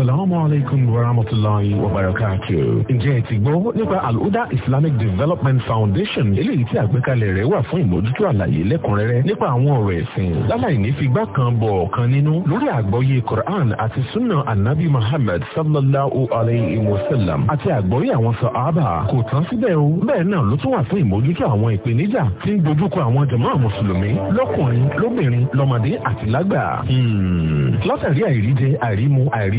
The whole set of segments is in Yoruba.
asalaamu alaykum wa rahmatulahi wa barakatu. ǹjẹ́ ẹ ti gbọ́ nípa alhuda islamic development foundation eléyìí tí àgbékalẹ̀ rẹ̀ wà fún ìmójútó àlàyé lẹ́kùnrẹ́rẹ́ nípa àwọn ọ̀rọ̀ ẹ̀sìn láláì ní figbá kan bọ̀ ọ̀kan nínú lórí àgbọ́yé quran àti sunna anabi muhammad sallallahu alayhi wa sallam àti àgbọ́yé àwọn sàhábà kò tán síbẹ̀ o bẹ́ẹ̀ náà ló tún wà fún ìmójútó àwọn ìpèníjà tí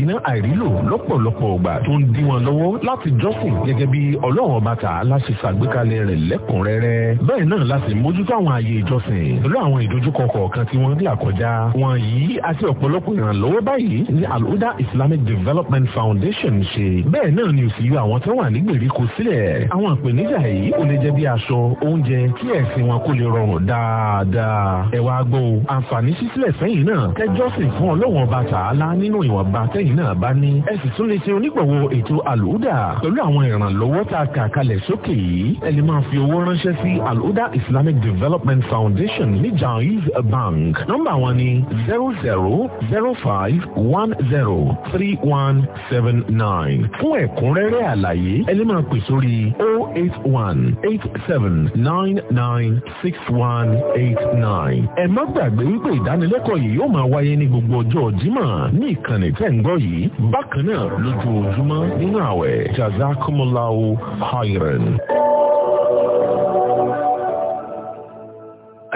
ń àìrílò lọ́pọ̀lọpọ̀ ọgbà tó ń dí wọn lọ́wọ́ láti jọ́sìn gẹ́gẹ́ bí ọlọ́run ọba tà láti ṣàgbékalẹ̀ rẹ̀ lẹ́kùnrẹ́rẹ́ bẹ́ẹ̀ náà láti mójútó àwọn ààyè ìjọsìn pẹ̀lú àwọn ìdojúkọ kọ̀ọ̀kan tí wọ́n ń là kọjá wọn yìí àti ọ̀pọ̀lọpọ̀ ìrànlọ́wọ́ báyìí ní Al-Huda Islamic Development Foundation ṣe bẹ́ẹ̀ náà ni òsì yọ àwọn tó wà ní gbèríko sílẹ̀ àwọn ìpèníjà yìí kò lè jẹ́ bí aṣọ oúnjẹ kí ẹ̀sìn wọn kó lè rọrùn dáadáa ẹ wá gbọ́ àǹfààní sísílẹ̀ sẹ́yìn náà kẹjọ́sìn fún ọlọ́run ọba tààlà nínú ìwọ̀nba tẹ́yìn náà bá ní. ẹ sì tún lè ṣe onígbọ̀wọ́ ètò àlùdà pẹ̀lú àwọn ìrànlọ́wọ́ tá a kà kalẹ̀ sókè yìí. ẹ lè máa fi owó ránṣẹ́ sí àlùdà Islamic Development Foundation ní Jaiz Bank. nọ́mbà wọn ni zero zero zero five one zero three one seven nine. fún ẹ̀kúnrẹ́rẹ́ àlàyé ẹ lè máa pè sórí o oh eight one eight seven nine nine six one eight nine. ẹ má gbàgbé wípé ìdánilẹ́kọ̀ọ́ yìí yóò máa wáyé ní gbogbo ọjọ́ Jímọ̀ ní ìkànnì tẹ́ ń gbọ́ yìí bakana lojoojumọ nínú àwẹ jazakumolao hiren.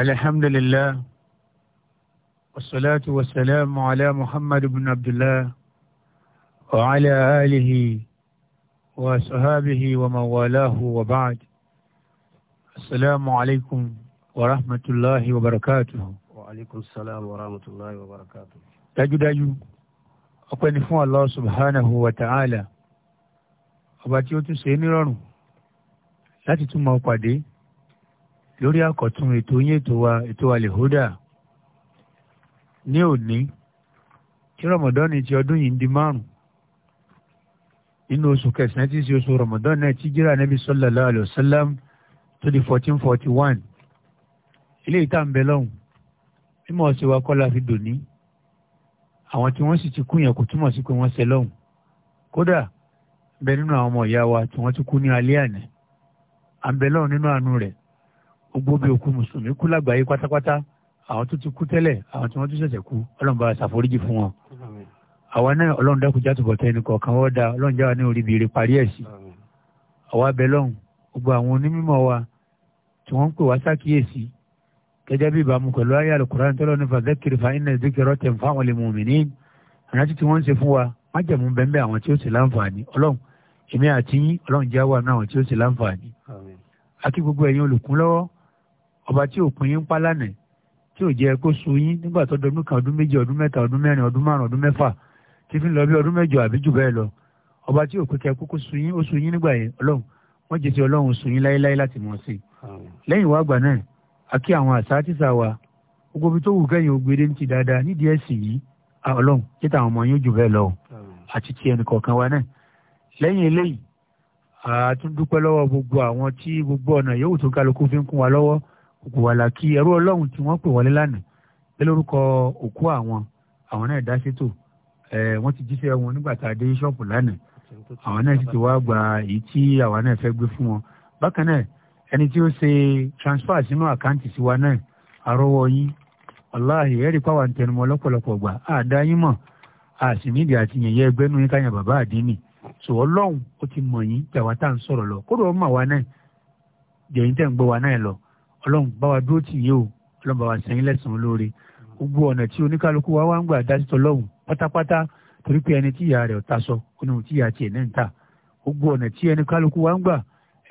الحمد لله والصلاة والسلام على محمد بن عبد الله وعلى آله وصحابه ومن والاه وبعد السلام عليكم ورحمة الله وبركاته وعليكم السلام ورحمة الله وبركاته تجد أيوب ọpẹ́ ni fún Allah subhanahu wa ta'ala ọba tí ó tún ṣe é nírọ̀rùn láti tún máa pàdé lórí àkọ́tún ètò yín ètò wa ètò àlèhódà ní òní tí Ramadan, ti ọdún yìí ń di márùn nínú oṣù kẹsàn-án tí ṣe oṣù rọmọdọ́nì náà tí jíra nẹ́bí sallallahu alaihi wasallam tó di fourteen forty one ilé ìta ń bẹ lọ́hùn mímọ̀ ọ̀sẹ̀ wa kọ́ la fi dòní àwọn tí wọ́n sì ti kú yẹn kò túmọ̀ sí pé wọ́n ṣe lọ́hùn kódà bẹ nínú àwọn ọmọ ìyá wa tí wọ́n ti kú ní alẹ́ àná à ń bẹ lọ́hùn nínú àánú rẹ̀ gbogbo bí òkú mùsùlùmí kú lágbàáyé pátápátá àwọn tó ti kú tẹ́lẹ̀ àwọn tí wọ́n tún ṣẹ̀ṣẹ̀ kú ọlọ́run bá ṣàforíjì fún wọn àwa náà ọlọ́run dákun já tòbọ̀ tẹ́ ẹnì kọ̀ọ̀kan wọ́n da ọlọ́run já wa ní orí ibiire parí ẹ̀ sí àwa bẹ lọ́hùn gbogbo àwọn onímọ̀ wa tí wọ́n ń pè wá sákìyèsí gẹ́gẹ́ bí ìbámu pẹ̀lú ayé alukur'an tọ́lọ́ ní fàzẹ́kiri fa iná ìdíkìrọ́ tẹ̀ ń fáwọn lèmùmìnì àrántí tí wọ́n ń ṣe fún wa májẹ̀mú bẹ́ẹ̀ àwọn tí ó sì láǹfààní ọlọ́run èmi àti yín ọlọ́run jẹ́ wà ní àwọn tí ó sì láǹfààní. akí gbogbo ẹ̀yin olùkún lọ́wọ́ ọba tí ò pin yín pa lánàá tí ò jẹ́ kó sú yín nígbà tó dọdún kan ọdún méjì ọdún mẹ́ta ọdún mẹ́rin ọdún márùn ọdún mẹ́fà tí fi lọ bí ọdún mẹ́jọ àbí jù bẹ́ẹ̀ lọ ọba tí ò kẹ́ kókó sú yín ó sú yín nígbà yẹn ọlọ́run wọ́n jẹ́ sí ọlọ́run sú yín láéláé láti mọ̀ sí i lẹ́yìn wá àgbà náà àkí àwọn àsáàtìsà wa gbogbo ibi tó wù kẹ́yìn ògbére ń ti dáadáa nídìí ẹ̀sìn yìí ọlọ́run kí táwọn ọmọ yín jù bẹ́ẹ̀ lọ àti ti ẹnì kọ̀ọ̀kan wa náà lẹ́yìn eléyìí a tún dúpẹ́ lọ́wọ́ gbogbo àwọn tí gbogbo ọ̀nà yòówù tó kálukú fi ń kún wa lọ́wọ́ gbogbo wa là kí ẹrú ọlọ́run tí wọ́n pè wọlé lánàá lórúkọ òkú àwọn àwọn náà dá sétò wọ́n ti jíṣẹ́ wọn nígbà tá a dé ṣọ́ọ̀pù lánàá àwọn náà sì ti wá gba èyí tí àwọn náà fẹ́ gbé fún wọn bákan náà ẹni tí ó ṣe transfer sínú àkáǹtì sí wa náà àrọ́wọ́ yín wàláhì ẹ̀rí pàwọ́ àtẹnumọ́ lọ́pọ̀lọpọ̀ gbà àdá yín mọ̀ àsìmídì àti yẹ̀yẹ́ ẹgbẹ́ nù yín káyàn bàbá àdínì sọ ọlọ́run ó ti mọ̀ yín pé àwa tá à ń sọ̀rọ̀ lọ kódà ó mà wá náà jẹ̀yìn tẹ̀ ń gbọ́ wa náà lọ ọlọ́run bá wa dúró tì yé o ọlọ́run bá wa sẹ́yìn lẹ́sàn-án lóore gbogbo ọ̀nà tí oníkálukú wa wá ń gbà dásí tọlọ́hùn pátápátá torí pé ẹni tíyà rẹ̀ ọ̀ta sọ ó ní ohun tíyà tiẹ̀ náà ń ta gbogbo ọ̀nà tí oníkálukú wa ń gbà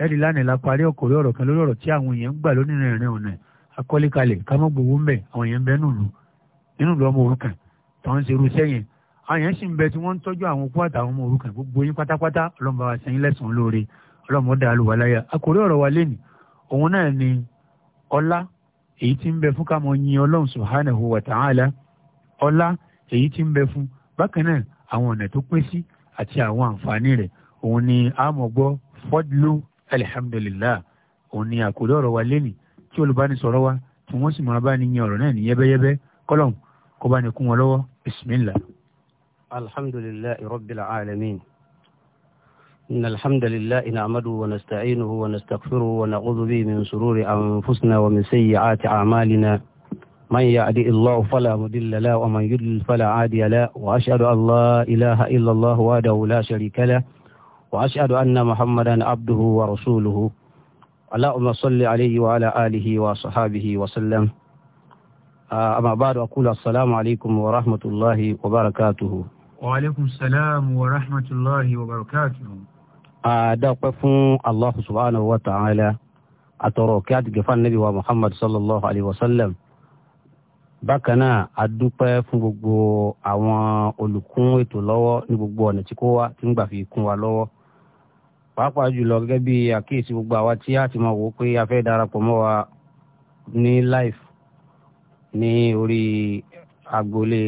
ẹ̀rí lánàá la parí ọ̀kọ̀rí ọ̀rọ̀ kan lórí ọ̀rọ̀ tí àwọn èèyàn ń gbà lónìí rìnrìn ọ̀nà akọ́lé kalẹ̀ kámọ́ gbowó ń bẹ̀ àwọn èèyàn ń bẹ nùlù nínú ìlú ọmọ òrukàn tó ń serú sẹ́yìn àwọn èèyàn sì ń bẹ tí wọ́n ń gbogbo yín pátápátá wa sẹ́yìn lẹ́sàn-án lóore yin wa alihamdulilah òun ni àkòrí ọ̀rọ̀ wa lẹ́nì tí olùbánisọ̀rọ̀ wa tí wọ́n sì máa bá ní yan ọ̀rọ̀ náà ní yẹ́bẹ́yẹ́bẹ́ kọ́lọ̀m kó bá ní kún wọn lọ́wọ́ bisimilá. alhamdulilah rabbil alamin إن الحمد لله نعمده ونستعينه ونستغفره ونعوذ به من شرور أنفسنا ومن سيئات أعمالنا من يهدي الله فلا مضل له ومن يضلل فلا هادي له وأشهد أن لا إله إلا الله وحده لا شريك له وأشهد أن محمدا عبده ورسوله اللهم صل عليه وعلى آله وصحابه وسلم أما بعد أقول السلام عليكم ورحمة الله وبركاته وعليكم السلام ورحمة الله وبركاته أدعوك فون الله سبحانه وتعالى أتركات جفان النبي ومحمد صلى الله عليه وسلم bákan náà a fún gbogbo àwọn olùkún ètò lọ́wọ́ ní gbogbo ọ̀nà tí kò wá tí ń gbà fi kún wa lọ́wọ́ pàápàá jùlọ gẹ́gẹ́ bí àkíyèsí gbogbo àwa tí a ti mọ̀ wò pé a fẹ́ darapọ̀ mọ́ wa ní live ní orí agboolé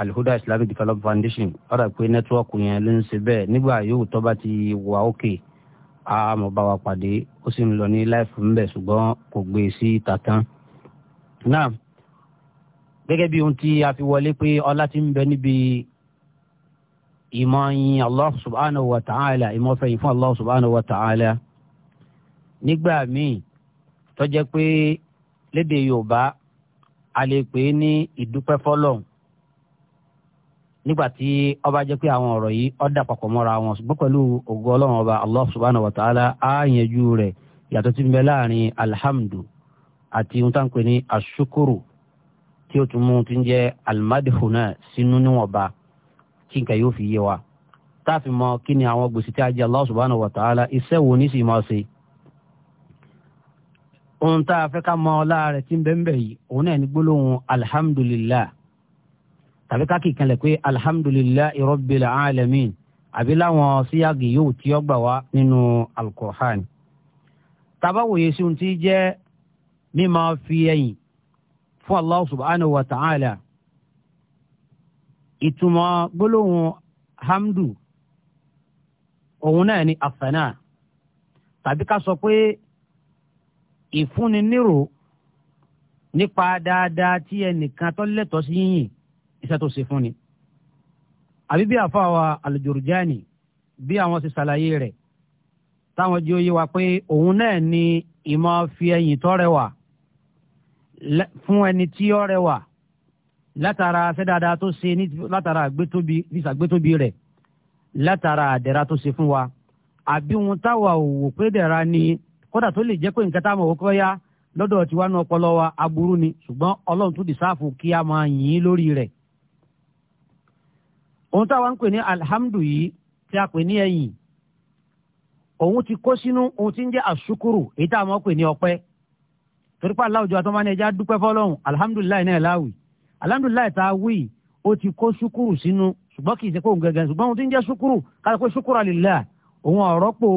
alihuda islamic development foundation ọ̀dà pé nẹ́tíwọ́ọ̀kù yẹn ló ń ṣe bẹ́ẹ̀ nígbà yóò tọ́ bá ti wà ókè a mọ̀ bá wa pàdé ó sì ń lọ ní live ńbẹ̀ ṣùgbọ́n kò gbé e sí tàtán. náà gẹ́gẹ́ bí ohun tí a fi wọlé pé ọlá ti ń bẹ níbi ìmọ̀ yin allah subhanahu wa ta'ala ìmọ̀ fẹ̀yìn fún allah subhanahu wa ta'ala nígbà míì tó jẹ́ pé lédè yorùbá a lè pè é ní ìdúpẹ́ fọ́lọ́run nígbà tí ó bá jẹ́ pé àwọn ọ̀rọ̀ yìí ó dà papọ̀ mọ́ra wọn ṣùgbọ́n pẹ̀lú ògo ọlọ́run ọba allah subhanahu wa ta'ala á yanjú rẹ̀ yàtọ̀ tí ń bẹ láàrin alhamdu àti ohun tá pè ní asukuru tí ó tún mú ti ń jẹ́ almadihuna sínú níwọ̀nba. Si kí nǹkan yóò fi yé wa táàfin mọ kí ni àwọn gbèsè tí a jẹ Allah subhanahu wa ta'ala iṣẹ́ wo ní sì máa ṣe. ohun tá a fẹ́ ká mọ ọlá rẹ̀ tí ń bẹ́ ń bẹ̀ yìí òun náà ní gbólóhùn alhamdulillah tàbí ká kìkan lẹ̀ pé alhamdulillahi rabbil alamin àbí láwọn síyáàgì yóò tí ó gbà wá nínú al-Qur'an. tàbá wòye sí ohun tí fi ẹ̀yìn fún Allah subhanahu ìtumọ̀ gbólóhùn hamdu òun náà ni àfẹnà tàbí ká sọ pé ìfúnni nírò nípa dáadáa tí ẹnìkan tó lẹ́tọ̀ọ́ sí yìnyín iṣẹ́ tó ṣe fún ni àbí bí àfa wa Al-Jurjani bí àwọn ṣe ṣàlàyé rẹ̀ táwọn jẹ́ òye wa pé òun náà ni ìmọ̀ fi ẹ̀yìn tó rẹwà fún ẹni tí ó rẹwà látara ṣe dáadáa tó ṣe ní látara àgbétóbi ìṣàgbétóbi rẹ̀ látara àdẹ̀ra tó ṣe fún wa àbí wọn táwa ò wò pé dẹ̀ra ni kódà tó lè jẹ́ pé nǹkan táwọn òkú ya lọ́dọ̀ tiwa náà ọpọlọ wa aburú ni ṣùgbọ́n ọlọ́run tún dìsáàfù kí a máa yìn lórí rẹ̀ òun táwa ń pè ní alhamdu yìí tí a pè ní ẹ̀yìn òun ti kó sínú òun ti ń jẹ́ àṣukuru èyí tá a máa pè ní ọpẹ́ torípa láwùjọ àtọ́mọ́ni ẹja dúpẹ́ fọlọ́run alhamdulilayi náà láwùí alhamdulilayi tá a wí ó ti kó ṣúkúrù sínú ṣùgbọ́n kì í ṣe kó gẹ́gẹ́ ṣùgbọ́n ohun tí ń jẹ́ ṣúkúrù kára pé ṣúkúrù alilá òun ọ̀rọ̀ pò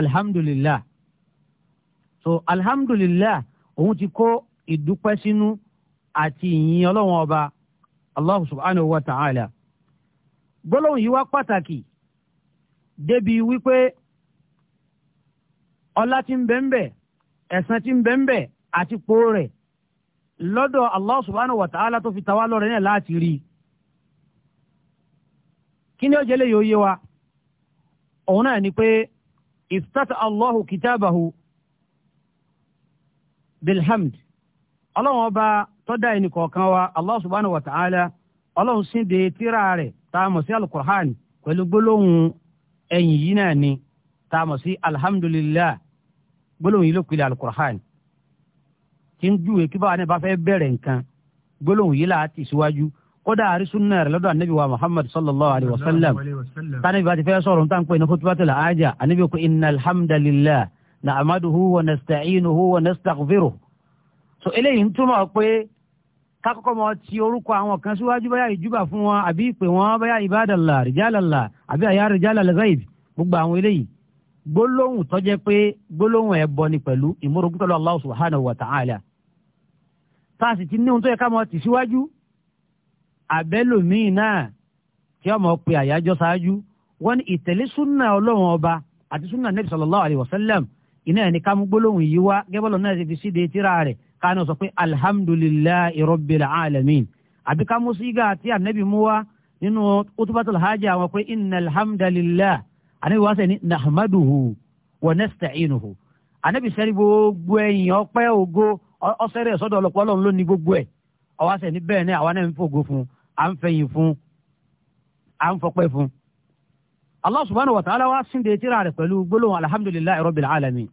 alhamdulilá so alhamdulilá òun ti kó ìdúpẹ́ sínú àti ìyìn ọlọ́run ọba allah subhanahu wa ta'ala gbólóhùn yìí wá pàtàkì débi wípé ọlá tí ń bẹ ń bẹ ń bẹ àti po rẹ̀ lọ́dọ̀ Allah subhanahu wa ta'ala tó fi ta wá lọ́rẹ̀ náà láti rí i kí ni ó jẹ́ léyìí ó yé wa òun náà ni pé istata Allahu kitabahu bilhamd ọlọ́run ọba tó dá ẹnì kọ̀ọ̀kan wa Allah subhanahu wa ta'ala ọlọ́run sì de tíra rẹ̀ tá a mọ̀ sí pẹ̀lú gbólóhùn ẹ̀yìn yìí náà ni tá sí alhamdulillah gbólóhùn yìí ló pilẹ̀ alukur'an kí n júwe kí báwa ní bá fẹ́ bẹ̀rẹ̀ nǹkan gbólóhùn yìí láti síwájú kódà àrísúnà rẹ lọ́dọ̀ anabi wa muhammad sallallahu alayhi wa sallam tani bá ti fẹ́ sọ̀rọ̀ nǹkan pé ní khutbatul haaja anabi ko inna alhamdulillah na amaduhu wa nasta'inuhu wa nastaghfiruh so eléyìí ń túmọ̀ pé kakọ́kọ́ mọ ti orúkọ àwọn kan síwájú báyà ìjúbà fún wọn àbí ìpè wọn báyà ìbádàlá rìjálàlá àbí àyà rìjálàlá zaid gbogbo àwọn eléyìí gbólóhùn tó jẹ́ pé gbólóhùn ẹbọ ni pẹ̀lú ìmúrogún pẹ̀lú Allah subhanahu wa ta'ala tá a sì ti ní ohun tó yẹ ká mọ tì síwájú àbẹ́lòmíì náà tí ọmọ pe àyájọ́ ṣáájú wọ́n ní ìtẹ̀lé súnà ọlọ́run ọba àti súnà nabi sallallahu alayhi wa sallam iná ẹni ká mú gbólóhùn yìí wá gẹ́bọ́lọ́ náà ti fi síde tíra rẹ̀ rabbil alamin àbí ká mú sígá àti ànábì mú utubatul hajj àwọn pé inna alhamdulillah anabi wa na ni nahmaduhu wa nasta'inuhu anabi sẹri gbogbo ẹyin ọpẹ́ ogo ọsẹrẹ ẹsọdọ ọlọpọ Ọlọ́run ló ní gbogbo ẹ ọwa sẹ ni bẹ́ẹ̀ ni àwa náà na fògo fún à ń fún à ń fún. Allah subhanahu wa ta'ala wa sin de tírà rẹ̀ pẹ̀lú gbólóhùn alhamdulillahi rabbil alukur'ani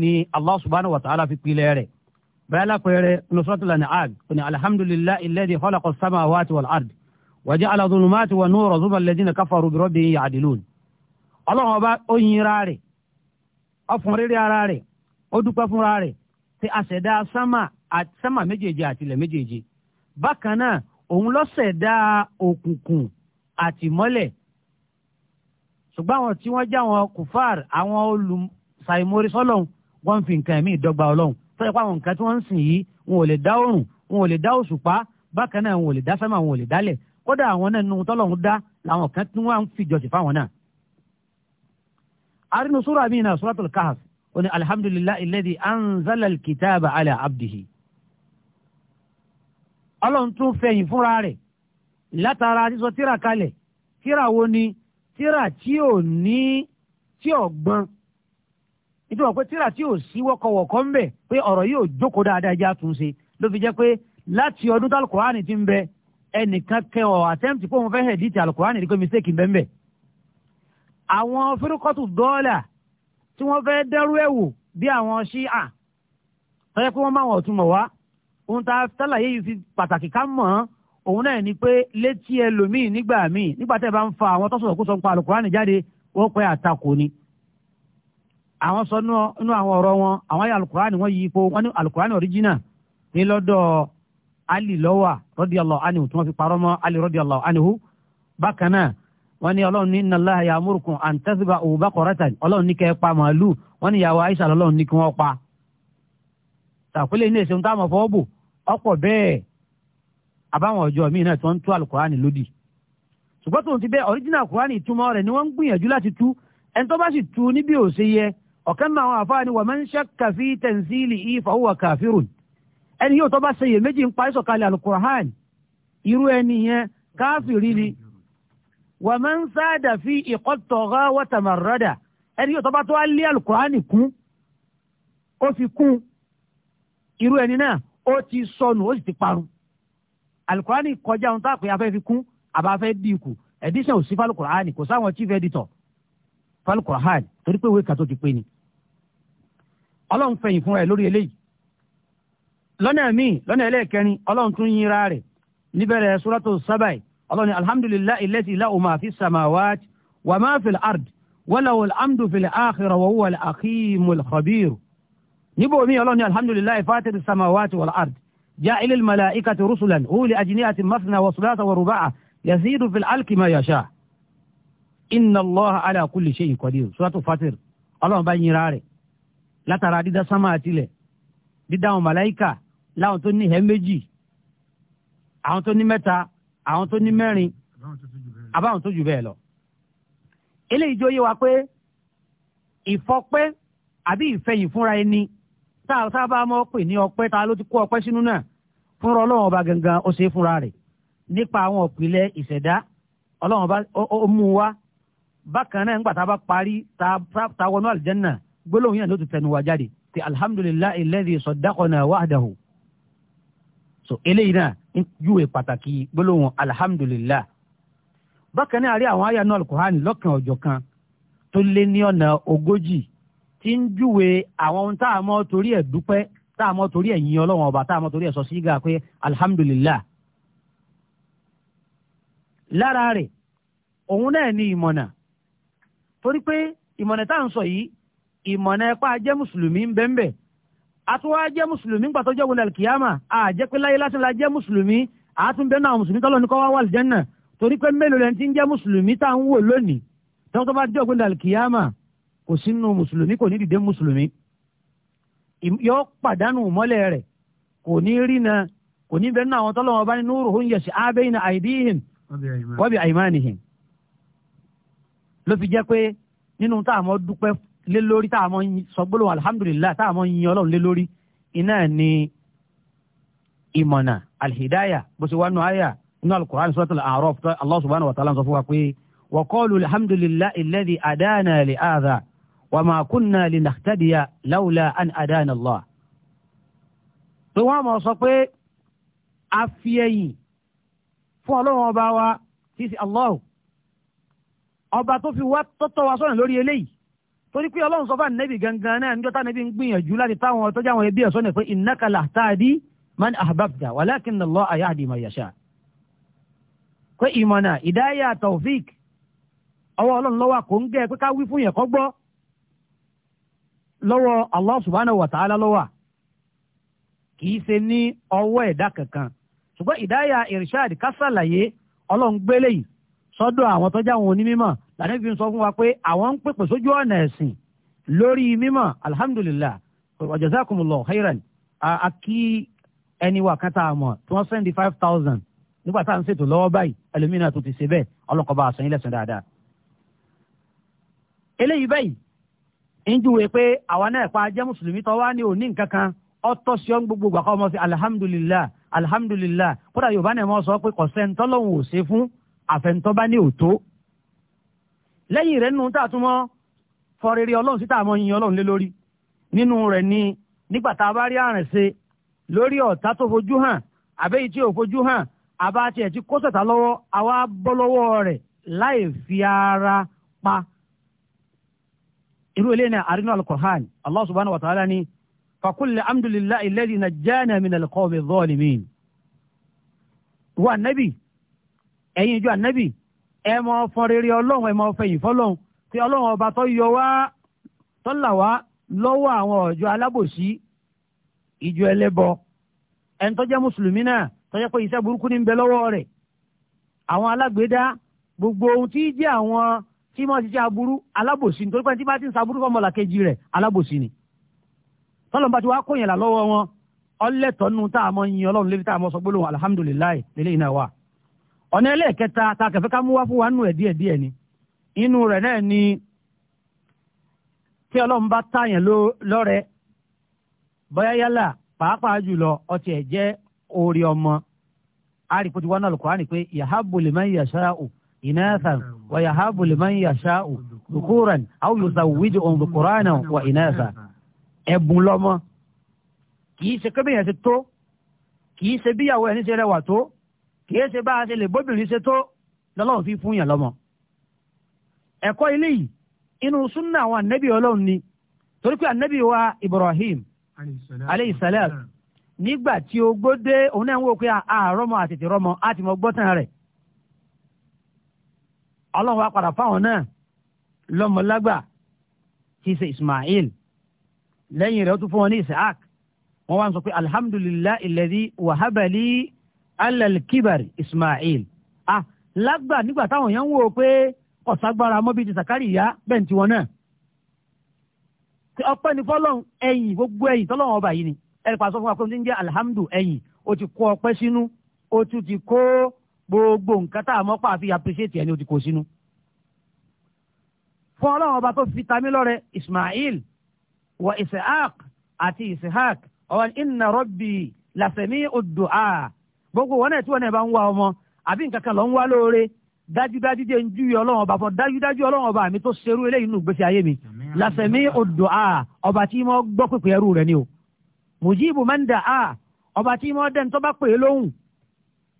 ni wa ta'ala fi bẹ́ẹ̀ lápẹẹrẹ nusratul an'am ní alhamdulillahi alladhi khalaqa as-samawati wal ard wa ja'ala adh-dhulumati wan nur zuma alladhina kafaru bi rabbihim ya'dilun ọlọ́run ọba ó yin ra rẹ̀ ọfun rere ara rẹ̀ ó dúpẹ́ fúnra rẹ̀ tí a ṣẹ̀dá sámà sámà méjèèje àti ilẹ̀ méjèèje bákan náà òun ló ṣẹ̀dá òkùnkùn àti mọ́lẹ̀ ṣùgbọ́n àwọn tí wọ́n já wọn kùfàr àwọn olùsàìmórí sọ́lọ́hún wọ́n ń fi nǹkan tọ́jú pé àwọn nǹkan tí wọ́n ń sìn yìí wọn ò lè dá oòrùn wọn ò lè dá òṣùpá bákan náà wọn ò lè dá sẹ́mà wọn ò lè dálẹ̀ kódà àwọn náà nínú tọ́lọ́run dá làwọn kan tí wọ́n á ń fìjọsìn fáwọn náà. arínú súrà mi náà súratul kahf ó ní alhamdulillahi alladhi anzala ala abdihi. ọlọ́run tún fẹ̀yìn fúnra rẹ̀ látara sísọ tíra kalẹ̀ tíra wo ni tíra tí ò ní tí ò gbọ́n nítorí wọn pé tíra tí ò sí wọ́kọ̀wọ̀kọ́ ń bẹ̀ pé ọ̀rọ̀ yóò jókòó dáadáa já tún ṣe ló fi jẹ́ pé láti ọdún tí alukurani ti ń bẹ ẹnìkan kẹ ọ àtẹ́mtì pé òun fẹ́ hẹ̀ díìtì alukurani rí pé mistake bẹ́ẹ̀ bẹ́ẹ̀. àwọn firikọ́tù dọ́là tí wọ́n fẹ́ dẹ́rú ẹ̀ wò bí àwọn ṣíà tọ́jà pé wọ́n máa wọ̀ túmọ̀ wá ohun tá a sálàyé yìí fi pàtàkì ká mọ̀ ọ́n òun náà ni pé létí ẹlòmíì nígbà míì nígbà tẹ́ bá ń fa àwọn tọ́sọ̀tọ̀ kó sọ ń pa jáde wọ́n pẹ́ àtakò ni. àwọn sọ nínú àwọn ọ̀rọ̀ wọn àwọn ayé alukurani wọn yí ipò wọn ní alukurani original ní lọ́dọ̀ ali lọ́wà radiyallahu anhu tí wọ́n fi parọ́ mọ́ ali radiyallahu anhu bákan náà wọ́n ní ọlọ́run ní inna Allaha ya'murukum an tadhbahu baqaratan ọlọ́run ní kẹ́ pa màálù wọ́n ní ìyàwó aisha lọ́lọ́run ní kí wọ́n pa. tàkùlẹ̀ iná ìṣeun táwọn afọwọ́ bò ọ̀pọ̀ bẹ́ẹ̀ àbáwọn ọjọ́ míì náà tí wọ́n tú alukurani lódì. ṣùgbọ́n tòun ti ni wọ́n ń gbìyànjú ọ̀kan náà àwọn àfáà ni wà máa ń ṣàkà fi tẹ̀síìlì ìfọwọ́ kàfírùn ẹni yóò tó bá ṣe iyèméjì ń pa ìsọ̀kalẹ̀ alukur'an irú ẹni yẹn káfìrí ni wà máa ń sáàdà fi ìkọ́tọ̀ọ́gá wọ́tàmàrọ́dà ẹni yóò tó bá tó á lé alukur'an kún ó fi kún irú ẹni náà ó ti sọnù ó sì ti parun alukur'an kọjá ohun tá a afẹ́ fi kún àbáfẹ́ dínkù edition ò sí kò sáwọn chief editor falukurahan torí pé ìwé kan tó ti pé ni ọlọ́run fẹ̀yìn fúnra ẹ̀ lórí eléyìí lọ́nà míì lọ́nà ẹlẹ́ẹ̀kẹrin ọlọ́run tún yínra rẹ̀ níbẹ̀rẹ̀ suratu sábàì ọlọ́run ní alhamdulillahi allati lahu ma fi samawati wa ma fil ard wa lahu alhamdu fil akhirati wa huwa al-hakimul níbo mi ọlọ́run ní alhamdulillahi fatiri samawati wal ard ja'ilil malaikati rusulan uli ajnihati masna wa sulata wa ruba'a yazidu fil alki yasha' inna allah ala kulli shay'in suratu fatir ọlọ́run bá yinra rẹ̀ látara dídá sámà àtìlẹ̀ dídá àwọn màláìkà láwọn tó ní hẹ́ méjì àwọn tó ní mẹ́ta àwọn tó ní mẹ́rin àbáwọn tó jù lọ. eléyìí jó yé wa pé ìfọpẹ́ àbí ìfẹ̀yìn fúnra ẹni tá a sábà máa pè ní ọpẹ́ ló ti kó gangan ó ṣe é fúnra nípa àwọn ọba bákan náà ńgbà tá a bá parí tá a wọnú àlìjẹ́nà gbólóhùn yẹn ló ti tẹnu wa jáde ti alhamdulillahi alladhi saddaqana wa'dahu so eléyìí náà ń pàtàkì gbólóhùn alhamdulillah bákan náà rí àwọn àyà náà alukuhani lọ́kàn ọ̀jọ̀ kan tó lé ní ọ̀nà ogójì tí ń júwe àwọn ohun tá a mọ̀ torí ẹ̀ dúpẹ́ tá a mọ̀ torí ẹ̀ yin ọlọ́wọ́n ọba tá a mọ̀ torí ẹ̀ sọ sígá pé alhamdulillah lára rẹ̀ òun náà ní ìmọ̀nà torí pé ìmọ̀nà tá à ń sọ yìí ìmọ̀nà ẹ̀pá jẹ́ mùsùlùmí ń bẹ́ńbẹ́ àtúwá jẹ́ mùsùlùmí ń pàtọ́jọ́ wọlé alkiyama àjẹ́ pé láyé lásán la jẹ́ mùsùlùmí àtúnbẹ́nu àwọn mùsùlùmí tọ́lọ́ ní kọ́ wá wà lìjẹ́nà torí pé mélòó lẹ́ni tí ń jẹ́ mùsùlùmí tá à ń wò lónìí tọ́wọ́ tó bá jẹ́ ògbóni alkiyama kò sínú mùsùlùmí kò ní dìde mùsùlùmí yọ pàdánù mọ́lẹ̀ rẹ̀ kò ní rínà kò ní bẹ́ẹ̀ náà àwọn tọ́lọ́ wọn bá ní núrùhún yẹ̀sì ábẹ́yìn àìdíhìn wọ́n bí ló fi jẹ́ pé nínú táàmọ́ dúpẹ́ lé lórí táàmọ́ sọgbólóhùn alhamdulilayi táàmọ́ yin ọlọ́run lé lórí iná ni ìmọ̀nà alhidaya bó ṣe wá nù àyà inú alukur'an suratul a'raf allah subhanahu wa ta'ala sọ fún wa pé wa qalu alhamdulilayi alladhi adana li hadha wa ma kunna linahtadiya lawla an adana allah. tó wọ́n mọ̀ sọ pé a fi ẹ̀yìn fún ọlọ́run ọba wa tí sí allah ọba tó fi wá tọ́tọ́ wa sọ̀rọ̀ lórí eléyìí torí pé ọlọ́run sọ fún nẹ́bì gangan náà níjọ́ tá nẹ́bì ń gbìyànjú láti táwọn tọ́jú àwọn ẹbí ẹ̀sọ́ nìfẹ́ innaka la tahdi man ahbabta walakinna Allaha yahdi man yasha. pé ìmọ̀nà ìdáyà taofik ọwọ́ ọlọ́run lọ́wọ́ kò ń gẹ́ pé ká wí fún yẹn kọ́ gbọ́ lọ́wọ́ Allah subhanahu wa ta'ala lọ́wọ́ ṣe ní ọwọ́ ẹ̀dá kankan ṣùgbọ́n ìdáyà irshad kásàlàyé ọlọ́run gbélé yìí sọ́dọ̀ àwọn tọ́jà wọn onímọ̀ lànàbí ń sọ fún wa pé àwọn ń pèpè sójú ọ̀nà ẹ̀sìn lórí mímọ̀ alhamdulillah wa jazakumullahu khairan àkí ẹni wà kátà àmọ̀ tí wọ́n sẹ́ndí five thousand nígbà tá à ń ṣètò lọ́wọ́ báyìí ẹlòmínà tó ti ṣe bẹ́ẹ̀ ọlọ́kọ̀ọ́ba àṣẹ yín lẹ́sìn dáadáa. eléyìí báyìí ń júwe pé àwa náà pa ajẹ́ mùsùlùmí tó ní òní nǹkan kan sí ọ́n gbogbo gbàkọ́ ọmọ sí alhamdulillah alhamdulillah kódà yorùbá náà mọ̀ sọ pé kọ̀sẹ́ntọ́lọ́hùn ò ṣe fún àfẹnutọ́ba ní òtó lẹ́yìn rẹ̀ nínú tá a tún mọ́ fọrẹ́rẹ́ ọlọ́run síta àmọ́ yin ọlọ́run lé lórí nínú rẹ̀ ni nígbà tá a bá rí àrùn ṣe lórí ọ̀tá tó fojú hàn àbẹ́yí tí ò fojú hàn àbá tiẹ̀ ti kó sẹ̀tà lọ́wọ́ àwa bọ́ lọ́wọ́ rẹ̀ láì fi ara pa irú eléyìí náà àrínú al Allah subhanahu wa ta'ala ni fakul alhamdulillahi alladhi najjana min al-qawmi adh-dhalimin wa nabi ẹ̀yin ìjọ ànábì ẹ mọ fọ rere ọlọ́run ẹ mọ fẹ̀yìn fọlọ́run pé ọlọ́run ọba tó yọ wá tó là wá lọ́wọ́ àwọn ọ̀jọ́ alábòsí ìjọ ẹlẹ́bọ ẹni tó jẹ́ mùsùlùmí náà tó jẹ́ pé iṣẹ́ burúkú ní ń bẹ lọ́wọ́ rẹ̀ àwọn alágbèédá gbogbo ohun tí jẹ́ àwọn tí wọ́n ti jẹ́ aburú alábòsí nítorí pé tí bá ti ń saburú fọmọlà kejì rẹ̀ alábòsí ni tọ́lọ́mùbá ti wá kóyìnlá lọ́wọ́ wọn ọlẹ́tọ̀ọ́nù tá a mọ̀ yin ọlọ́run lébi tá a mọ̀ sọ gbólóhùn alihamudulilayi lélẹ́yìn náà wà. ọ̀nà ẹlẹ́ẹ̀kẹta ta kẹfẹ́ ká mú wá fún wa nù ẹ̀ díẹ̀ díẹ̀ ni inú náà ni tí ọlọ́run bá tààyàn lọ́rẹ bóyá yálà pàápàá jùlọ ọtí ẹ̀ jẹ́ orí ọmọ àríkùtì wọn náà lùkùránì pé yahabu liman yasha'u wa yahabu liman yasha'u dhukuran aw yuzawwijuhum dhukuranan wa inathan ẹ̀bùn lọ́mọ kì í ṣe kébìyàn ti tó kì í ṣe bíyàwó ẹni ṣe rẹwà kìí ṣe bá a ṣe lè bóbìnrin ṣe tó lọ́lọ́run fi fún yàn lọ́mọ. ẹ̀kọ́ ilé yìí inú súnà àwọn ànábì ọlọ́run ni torí pé ànábì wa Ibrahim aleyhi salam nígbà tí ó gbódé òun náà ń wò pé àárọ̀mọ àtètè rọmọ á ti mọ gbọ́tàn rẹ̀ ọlọ́run wa padà fáwọn náà lọ́mọlágbà tí ṣe Ismail lẹ́yìn rẹ̀ ó tún fún wọn ní Isaac wọ́n wá ń sọ pé alhamdulillahi alladhi wahabali alal kibar ismail ah lágbà nígbà táwọn èèyàn ń wò ó pé ọ̀ságbára mọ́bí ti sàkárì ìyá bẹ́ẹ̀ tiwọn náà ọpẹ́ ní fọlọ́n ẹ̀yìn gbogbo ẹ̀yìn tọ́lọ́wọ́n ọba yìí ni ẹ̀rì pàṣẹ fún wa pé ó ti ń jẹ́ alhamdu ẹ̀yìn ó ti kó ọpẹ́ sínú ó tún ti kó gbogbo nǹkan tá a mọ́ pàfi appreciate ẹni ó ti kó sínú. fún ọba tó fi tamí lọ́rẹ ismail wa isahaq àti isahaq ọ̀wọ́n inna rabbi lasami'ud du'a gbogbo wọn náà tí wọn náà bá ń wá ọmọ àbí nǹkan kan lọ ń wá lóore dájúdájú jẹ́ ń ju ọlọ́run ọba fún dájúdájú ọlọ́run ọba mi tó ṣerú eléyìí nù gbèsè ayé mi làṣẹ̀mí odò a ọba tí mo gbọ́ pípẹ́ ẹrú rẹ̀ ni o mujibu manda a ọba tí mo dẹ́ni bá pè é lóhùn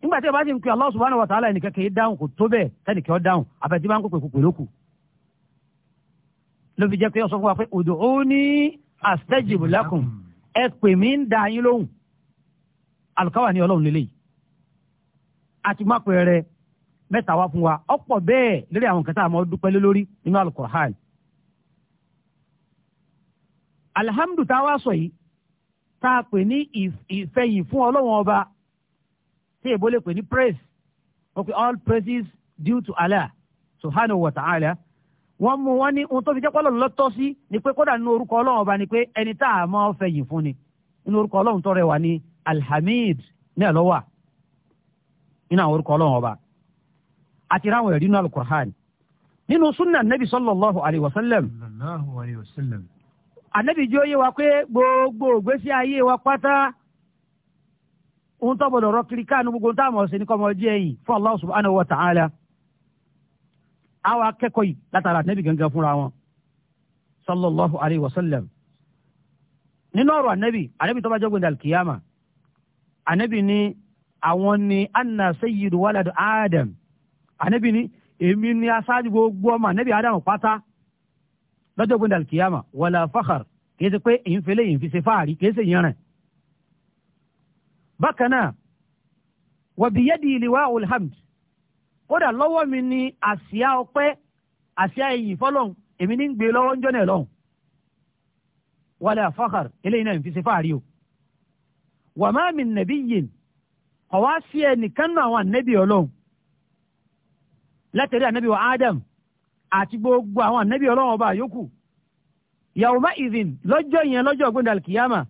nígbà tí ọba ti ń pe Allah subhanahu wa ta'ala ẹnìkan kì í dáhùn kò tó bẹ́ẹ̀ tẹnìkan dáhùn àbẹ̀tí bá ń pèpè pèpè lókù ló fi jẹ́ pé ọ̀sán fún wa pé odò ó ní ni ọlọ́run lélẹ́yìí àti mápẹrẹ mẹ́ta wá fún wa ọ̀pọ̀ bẹ́ẹ̀ lórí àwọn kẹta àmọ́ dúpẹ́ lé lórí nínú alukur'an alihamudu tá a wá sọ yìí tá a pè ní yìí fún ọba tí èbó lè pè ní praise all praises due to Allah subhanahu wa ta'ala wọ́n mú wọn ní ohun ni pé kódà nínú orúkọ ọlọ́wọ́n ọba ni ẹni tá a máa yìí fún ni nínú orúkọ ọlọ́wọ́n alhamid ní nínú àwọn orúkọ ọlọ́run ọba àti ráwọn ẹ̀rí nínú alukur'an nínú sunna nabi sallallahu alayhi wa sallam. anabi jẹ́ oyé wa pé gbogbo ògbésí ayé wa pátá ohun tó gbọdọ̀ rọ kiri káànù gbogbo tá a mọ̀ sí ní kọ́mọ ọjọ́ ẹ̀yìn fún allah subhanahu wa ta'ala àwọn akẹ́kọ̀ọ́ yìí látara anabi gangan fúnra wọn sallallahu alayhi wa sallam nínú ọ̀rọ̀ anabi anabi tó bá jẹ́ gbẹ̀dẹ̀ alkiyama anabi ní àwọn ni anna sayyidu walad adam ànábì ni èmi ni aṣáájú gbogbo ọmọ ànábì adam pátá lọ́jọ́ gbọ́dọ̀ alkiyama wàlà fakhar kì í ṣe pé èyí ń fele èyí ń fi ṣe fáàrí kì í ṣe yẹn rẹ̀. bákan náà wàbíyẹ́dì ìlíwá olhamd kódà lọ́wọ́ mi ni àsíá ọpẹ́ àsíá ẹ̀yìn fọlọ́n èmi ní ń gbé lọ́wọ́ ń jọ́nà ẹ̀ wàlà fakhar eléyìí náà ń fi ṣe fáàrí o. wàmá nàbí yìí kò wá sí ẹnìkan nínú àwọn ànábì ọlọ́run látẹ̀rí ànábì wa Adam àti gbogbo àwọn ànábì ọlọ́run ọba àyókù yawma idhin lọ́jọ́ yẹn lọ́jọ́ ọ̀gbìn alkiyama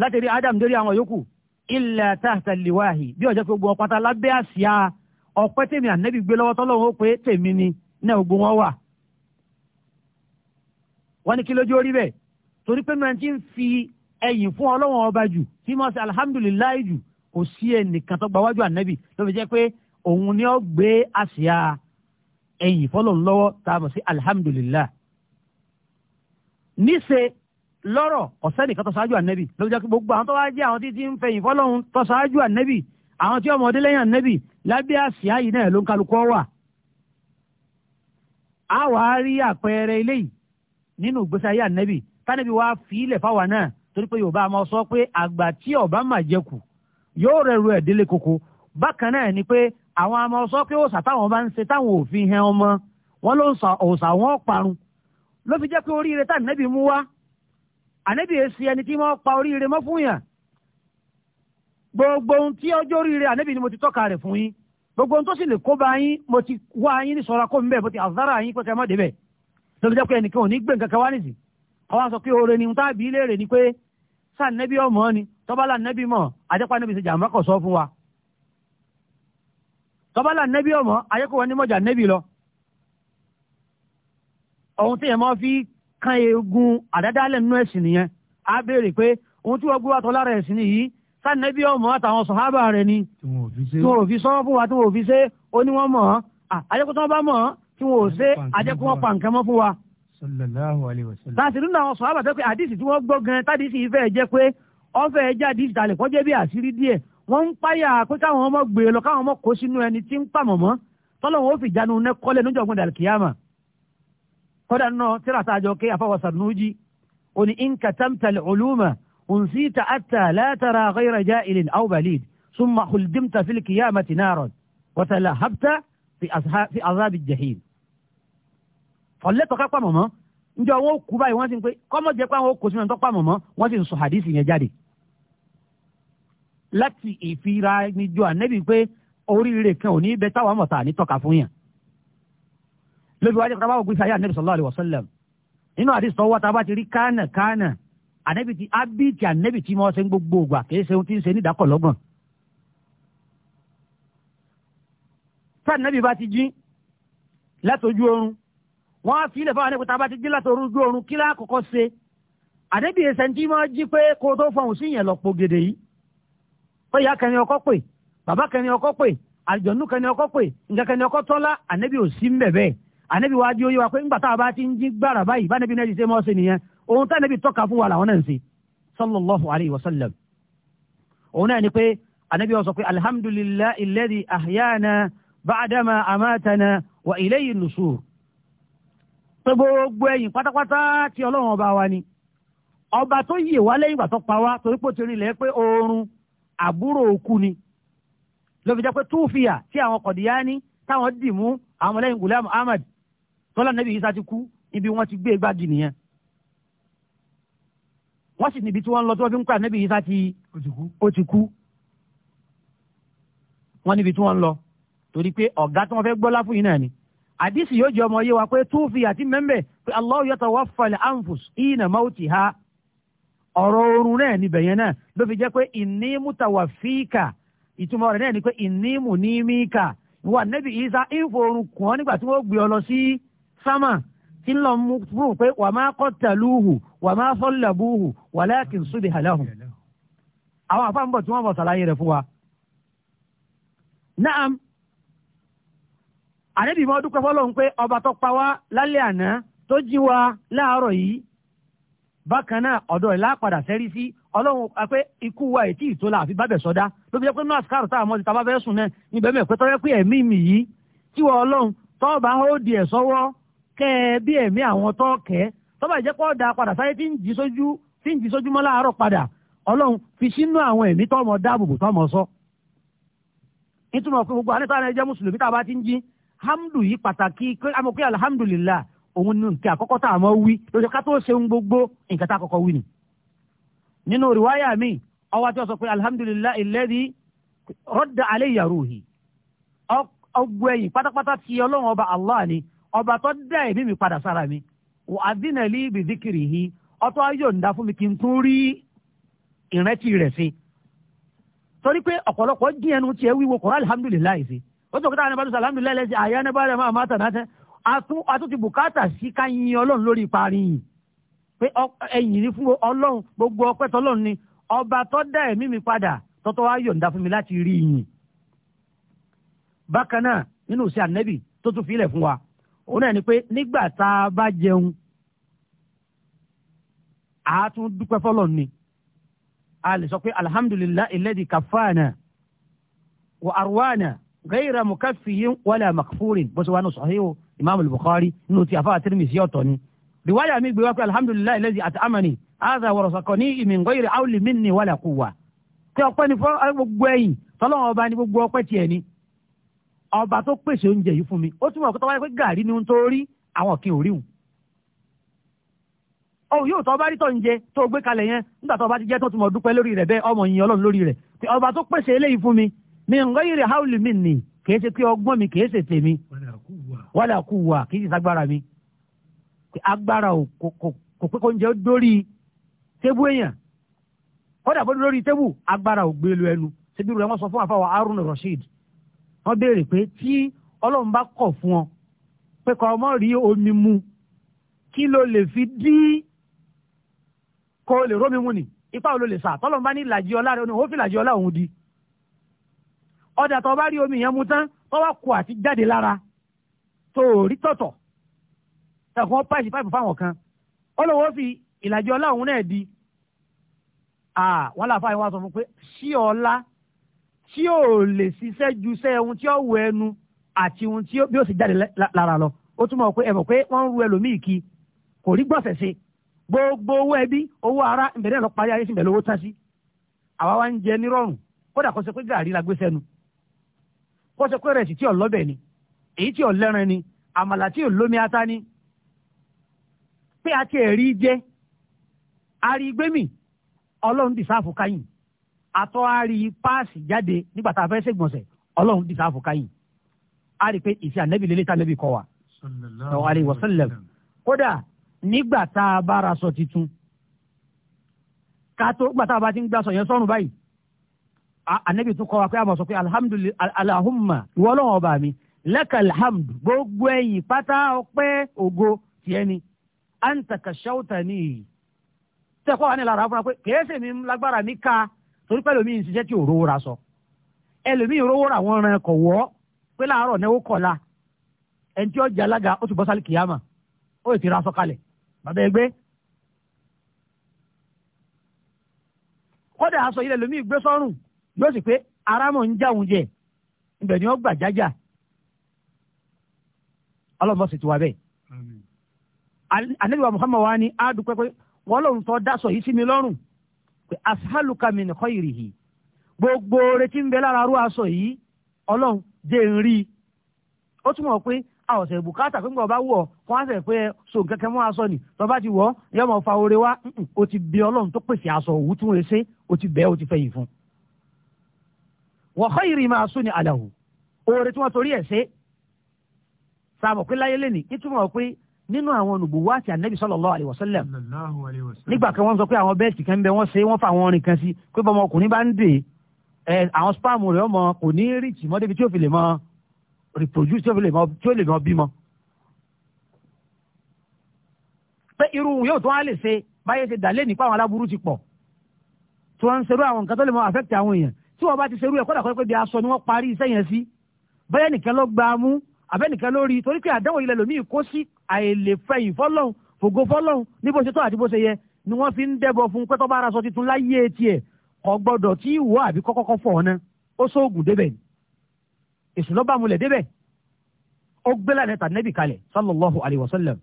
látẹ̀rí Adam dérí àwọn àyókù illa tahta liwahi bí ọjọ́ gbogbo ọ̀pátá lábẹ́ àsíá ọ̀pẹ́ tèmi ànábì gbé lọ́wọ́ tọ́lọ́run ó pé tèmi ni náà gbogbo wọn wà wọ́n ní kí lójú orí bẹ́ẹ̀ torí pé mẹ́rin ti ń fi ẹ̀yìn fún ọlọ́wọ́n ọba jù tí mo ṣe alhamdulilayi jù kò sí ẹnìkan tó gba wájú ànábì ló fi jẹ́ pé òun ni ó gbé àsíá ẹ̀yìn fọlọ́ lọ́wọ́ tá a mọ̀ sí alihamudulilayi níṣe lọ́rọ̀ ọ̀sẹ́nìkan tó ṣáájú ànẹ́bì ló jẹ́ gbogbo àwọn tó wá jẹ́ àwọn títí ń fẹ̀yìn fọ́lọ́hún tó ṣáájú ànẹ́bì àwọn tí ọmọdé lẹ́yìn ànẹ́bì lábẹ́ àsíá yìí náà ló ń kálukọ́ wà. a wà á rí àpẹẹrẹ eléyìí nínú ìgbésí ayé ànẹ́bì tánẹ́bì wá fi ilẹ̀ fáwa náà torí pé yorùbá máa sọ pé àgbà tí ọba mà jẹ kù yóò rẹrù ẹ̀ délé koko bákan náà ni pé àwọn ọmọ sọ pé òòsà táwọn bá ń ṣe táwọn ò fi hẹn ọmọ wọn ló ń sọ òòsà wọn parun ló fi jẹ́ pé oríire tá ànẹ́bì mú wá ànẹ́bì èsì ẹni tí wọ́n pa oríire mọ́ fún yàn gbogbo ohun tí ọjọ́ oríire ànẹ́bì ni mo ti tọ́ka rẹ̀ fún yín gbogbo ohun tó sì lè kó bá yín mo ti wá yín ní sọ̀rọ̀ kó ń bẹ̀ bó ti àzára yín pé kẹ́ mọ́ débẹ̀ ló fi jẹ́ pé ẹnìkan ò ní gbé wá nìsí àwọn sọ pé oore ni tábìlì rẹ̀ ni pé sáà ọmọ ni tọ́bálà nẹ́bí mọ̀ àjẹpá nẹ́bí ṣe jàmbá kọ̀ sọ fún wa tọ́bálà nẹ́bí ọmọ ayẹ́kọ̀ọ́ ní mọ̀jà nẹ́bí lọ ohun tí yẹn máa fi kan eegun àdádálẹ̀ nínú ẹ̀sìn nìyẹn á béèrè pé ohun tí wọ́n gbé wàtọ́ lára ẹ̀sìn nìyí sánẹ́bí ọmọ àtàwọn sọ̀hábà rẹ̀ ni tí wọ́n ò fi sọ́ fún wa tí wọ́n ò fi ṣe ó ní wọ́n mọ̀ ọ́ àjẹkù tí wọ́n bá mọ̀ ọ́ tí wọ́n ò ṣe àjẹkù wọn pa nǹkan mọ́ fún wa. sallallahu alaihi wasallam. tàṣírí náà sọ̀hábà tẹ́ pé àdìsí tí wọ́n gbọ́ gan tádìsí ìfẹ́ jẹ́ pé ọfẹ jáde ìdàlẹ kọjá bí àṣírí díẹ̀ wọn ń páyà pé káwọn ọmọ gbé e lọ káwọn ọmọ kó sínú ẹni tí ń pàmọ mọ tọlọwọn ó fi jánu ní kọlẹ níjọ gbọdọ àlùkìyàmà kódà náà tíratà àjọ ké àfọwọsàn nújì òní inkatamtali olúmọ أنسيت حتى لا ترى غير جائل أو بليد ثم خلدمت في القيامة نارا وتلهبت في أصحاب في عذاب الجحيم fọlẹ́tọ̀ ká pàmọ́ mọ́ njẹ́ wọn kú báyìí wọ́n ti ń pé kọ́mọ̀ jẹ́ pé àwọn kò sínú ẹ̀ńtọ́ pàmọ́ mọ́ wọ́n ti ń sọ hadisi yẹn jáde láti ìfira ẹni jọ ànẹ́bí pé oríire kan ò ní bẹ táwọn mọ̀ta ní tọ́ka fún yàn. lóbi wájú kọ́tà báwo gbèsè ayé ànẹ́bí sallallahu alaihi wasallam nínú àti sọ́wọ́ tá a bá ti rí kánà kánà ànẹ́bí ti ábíìtì ànẹ́bí tí wọ́n ṣe ń gbogbo ògbà kìí ṣe ohun tí ń ṣe nídàkọ̀ lọ́gbọ̀n. tá ànẹ́bí bá ti jí látọjú oorun wọ́n á fi ilẹ̀ fáwọn ànẹ́bí tá a bá ti jí látọjú oorun kí lákòókò ṣe ànẹ́bí ẹsẹ̀ ń tí wọ́n jí pé kó tó fọhùn sí ìyẹn lọ́pọ̀ gèdè yìí pé ìyá kan ni ọkọ pè bàbá kan ni ọkọ pè àjọ̀nú kan ni ọkọ pè nǹkan kan ni ọkọ tọ́lá ànẹ́bí ò sí mbẹ̀ bẹ́ẹ̀ ànẹ́bí wa di oyé wa pé ńgbà tá a bá ti ń jí gbàrà báyìí bá ànẹ́bí náà ti ṣe mọ́ ṣe nìyẹn ohun tá ànẹ́bí tọ́ka fún wa làwọn náà ń ṣe sallallahu alayhi wa sallam òun náà ni pé ànẹ́bí wa sọ pé alhamdulillahi alladhi ahyana ba'dama amatana wa ilayhi nusur pé gbogbo ẹ̀yìn pátápátá tí ọlọ́run ọba wa ni ọba tó yè wá lẹ́yìn ìgbà tó pa wá torí pò torí ilẹ̀ pé oorun àbúrò òkú ni lọ́fi jẹ́ pé túfìyà tí àwọn kọ̀díyání táwọn dì mú àwọn ọmọlẹ́yìn gulam ahmad tọ́lá nàbí isa ti kú ibi wọ́n ti gbé gbági nìyẹn wọ́n sì níbi tí wọ́n ń lọ tí wọ́n fi ń pa nàbí isa ti ó ti kú wọ́n níbi tí wọ́n ń lọ torí pé ọ̀gá tí wọ́n fẹ́ gbọ́lá fún yìí náà ni àdìsí yóò jẹ́ ọmọ yé wa pé túfìyà ti mẹ́mbẹ̀ pé Allah yatawaffa al-anfus hina mawtiha ọ̀rọ̀ oorun náà níbẹ̀ yẹn náà ló fi jẹ́ pé ìní mutawafíkà ìtumọ̀ rẹ̀ náà ni pé ìní mùnímíkà wà nẹ́bí isa ìforun kùn ọ́ nígbà tí wọ́n gbé ọ lọ sí sámà tí ń lọ mú fún pé wà má qataluhu wà má sallabuhu walakin subiha lahum. àwọn àfa ń bọ̀ tí wọ́n bọ̀ sàlàyé rẹ̀ fún wa. naam àdébìmọ́ dúpẹ́ fọlọ́run pé ọba tó pa wá lálẹ́ àná tó jí wa láàárọ̀ yìí bákan náà ọ̀dọ̀ ìlà padà sẹ́rí sí ọlọ́run pé ikú wa ètí ìtòlá àfi bábẹ̀ sọ́dá ló fi jẹ́ pé nọ́ọ̀sì káàrọ̀ táwọn ọmọdé tábà fẹ́ sùn náà níbẹ̀ mẹ́ẹ̀ pé tọ́jọ́ pé ẹ̀mí mi yìí tí wọ́n ọlọ́run tọ́ọ̀bà ó di ẹ̀ sọ́wọ́ kẹ́ ẹ bí ẹ̀mí àwọn tọ́ọ̀kẹ́ tọ́ba ìjẹ́ pé ọ̀dà padà sáyé tí ń jí sójú tí ń jí sójú mọ́ láàárọ̀ padà ọlọ́run fi sínú àwọn ẹ̀mí tọ́mọ dáàbòbò tọ́mọ sọ. nítorí wọn pé gbogbo àníta ẹ̀jẹ̀ mùsùlùmí tá a bá ti ń jí òun ní nǹkan àkọ́kọ́ tá a mọ̀ wí lójú ká tó ṣe ń gbogbo nǹkan tá a kọ́kọ́ wí ni. nínú rìwáyà mi ọwọ́ àti ọ̀sọ̀ pé alhamdulillah alladhi radda alayya ruhi ọgbọ ẹ̀yìn pátápátá ti ọlọ́run ọba allah ni ọba tó dá ẹ̀mí mi padà sára mi wà á dínà lé ibi díkìrì yìí ọtọ́ ayọ̀ǹda fún mi kí n tún rí ìrántí rẹ̀ sí. torí pé ọ̀pọ̀lọpọ̀ dín ẹnu tiẹ̀ wíwo kọ́ra alhamdulilayi sí ó sọ àtúntì bùkátà sí ká yin ọlọ́run lórí ìparí yìí pé ẹ̀yìn ní fún ọlọ́run gbogbo ọpẹ́ tọ́lọ́run ni ọba tó dá ẹ̀mí mi padà tọ́tọ́ wá yọ̀ǹda fún mi láti rí yìn. bákan náà nínú ìṣe ànẹ́bì tó tún filẹ̀ fún wa òun náà ni pé nígbà tá a bá jẹun àátún dúpẹ́ fọ́lọ́run ni a lè sọ pé alhamdulillahi alladhi kafana wa arwana ghayra mukaffiyin wala makfurin bó ṣe wà ní sọ̀hí o imaamu bukhari nínú ti afa atirimisi ọ̀tọ̀ ni riwaya mi gbé wá pé alhamdulilayi lẹ́sìn àti amani aza wọ̀rọ̀sọ̀kọ̀ ní ìmìngọ́yèrè awuli mi ni wàlẹ̀ kú wa tí ọpẹ́ ni fún gbogbo ẹ̀yìn tọ́lọ́wọ́n ọba ni gbogbo ọpẹ́ tiẹ̀ ni ọba tó pèsè oúnjẹ yìí fún mi ó túmọ̀ kótó wáyé pé gàrí ni tó rí àwọn kí n ò ríhùn. ọ̀hún yóò tọ́ ọba rí tọ́ tó gbé kalẹ̀ yẹn nígbà tó ọba ti jẹ́ tó túmọ̀ dúpẹ́ lórí rẹ̀ bẹ́ẹ̀ ọmọ yìnyín ọlọ́run lórí rẹ̀ ọba tó pèsè eléyìí fún mi mi ń gọ́yèrè haúlì mi nì kìí pé ọgbọ́n mi kìí tèmi wàlà kú wà kì í sì sagbára mi agbára kò pé kò ń jẹ́ dórí tébù èèyàn kódà bó lórí tébù agbára ò gbé lu ẹnu ṣebí rẹ wọ́n sọ fún àfàwọ̀ Harun Rashid wọ́n béèrè pé tí Ọlọ́run bá kọ̀ fún ọ pé kọ́ ọmọ rí omi mu kí ló lè fi dí kó lè rómi mu nì ipa ò ló lè sà tọ́lọ́run bá ní làjì ọlá rẹ ó fi làjì ọlá òun di ọjà tó bá rí omi yẹn mu tán tó wá kó àti jáde lára tòórí tọ̀tọ̀ ẹ̀kọ́ páìsì páìpù fáwọn kan ọlọ́wọ́ fi ìlàjì ọlá òun náà di wọn làá fáwọn wa sọ fún pé sí ọlá tí ò lè ṣiṣẹ́ ju iṣẹ́ ohun tí ó wọ ẹnu àti ohun tí bí ó sì jáde lára lọ ó túmọ̀ pé ẹ̀mọ̀ pé wọ́n ń ru ẹlòmíì kí kò rí gbọ̀nsẹ̀ sí gbogbo owó ẹbí owó ara ìbẹ̀rẹ̀ lọ parí ayé sí ìbẹ̀rẹ̀ owó tán sí àwa wa ń jẹ nírọ̀rùn kódà kó ṣe pé gàrí la gbé sẹ́nu kó ṣe pé rẹ̀ sì tí ọ̀ lọ́bẹ̀ ni èyí tí ò lẹ́ran ni àmàlà tí ò lómi ata ni pé a ti ẹ̀rí jẹ́ arígbémì ọlọ́run ti sáàfù káyìn atọ́ àárí páàsì jáde nígbà tá a fẹ́ ṣègbọ̀nsẹ̀ ọlọ́run ti sáàfù káyìn a rí pé ìṣe ànẹ́bì lélẹ́ tá ànẹ́bì kọ́ wa sallallahu alaihi wasallam kódà nígbà tá a bá ra sọ titun ká tó tá a bá ti ń gbà sọ yẹn sọ́run báyìí ànẹ́bì tún kọ́ wa pé a mọ̀ sọ pé alhamdulillah alahumma ìwọ ọba mi lakal hamd gbogbo ẹ̀yìn pátá ọpẹ́ ògo tiẹ̀ ni antaka shawtani yìí lara wà ní pé kèése mi lágbára mi ká torí pẹ́ lómi ìṣiṣẹ́ tí òróró ra sọ ẹlòmí òróró ra wọn ran ẹ̀kọ́ wọ́ pé láàárọ̀ náà ó kọ̀la ẹni tí ó jẹ́ alága ó ti bọ́ sálì kìyàmà ó ti ra sọ bàbá ẹgbẹ́ kọ́dà aṣọ ilẹ̀ lómi ìgbésọ́rùn yóò sì pé ọlọ́mọ sì ti wá bẹ́ẹ̀. anabi muhammad wa ni a dúpẹ́ pé wọ́n lòun tọ́ dasọ yìí sí mi lọ́rùn pé ashaluka min khairihi gbogbo retí ń bẹ lára arú aṣọ yìí ọlọ́run jẹ́ ń rí i ó túmọ̀ pé a ọ̀sẹ̀ bùkátà pé nǹkan ọba wọ̀ kó wá sẹ̀ pé ẹ so kẹ̀kẹ́ mọ́ aṣọ ni tó bá ti wọ̀ yóò máa fa oore wá o ti bẹ ọlọ́run tó pèsè aṣọ òwú tún rẹ ṣe o ti bẹ́ẹ̀ o ti fẹ̀yìn fún. wa khairi ma suni alahu oore tí wọ́n torí ẹ̀ ṣe sàmọ̀ pé láyé lẹ́nìí ìtumọ̀ pé nínú àwọn olùgbòwò àti ànábì sallallahu alaihi wasallam nígbà kan wọ́n sọ pé àwọn bẹ́ẹ̀tì kan ń bẹ wọ́n ṣe wọ́n fa àwọn orin kan sí pé bọ́mọ ọkùnrin bá ń dè ẹ àwọn spam rẹ̀ ọmọ kò ní rìchì mọ́ débi tí ó fi lè mọ reproduce tí ó fi lè mọ tí ó lè mọ bímọ. pé irú yóò tó wá lè ṣe báyé ṣe dà lẹ́nìí pé àwọn aláburú ti pọ̀ tí wọ́n ń ṣerú àwọn nǹkan tó lè mọ affect àwọn èèyàn tí wọ́n bá ti ṣerú ẹ̀ abẹ́nìkan lórí torí pé àdánwò ilẹ̀ lòmíì kó sí àìlè fẹ̀yìn fọlọ́hún fògo fọlọ́hún ní bó ṣe tó àti bó ṣe yẹ ni wọ́n fi ń dẹ́bọ̀ fún pẹ́tọ́ bá ara sọ titun láyé tiẹ̀ kò gbọ́dọ̀ tí ìwọ àbí kọ́kọ́kọ́ fọ̀ ọ́nà ó sóògùn débẹ̀ èṣù lọ́ba mulẹ̀ débẹ̀ ó gbé lànà tà nẹ́bì kalẹ̀ sallallahu alayhi wa sallam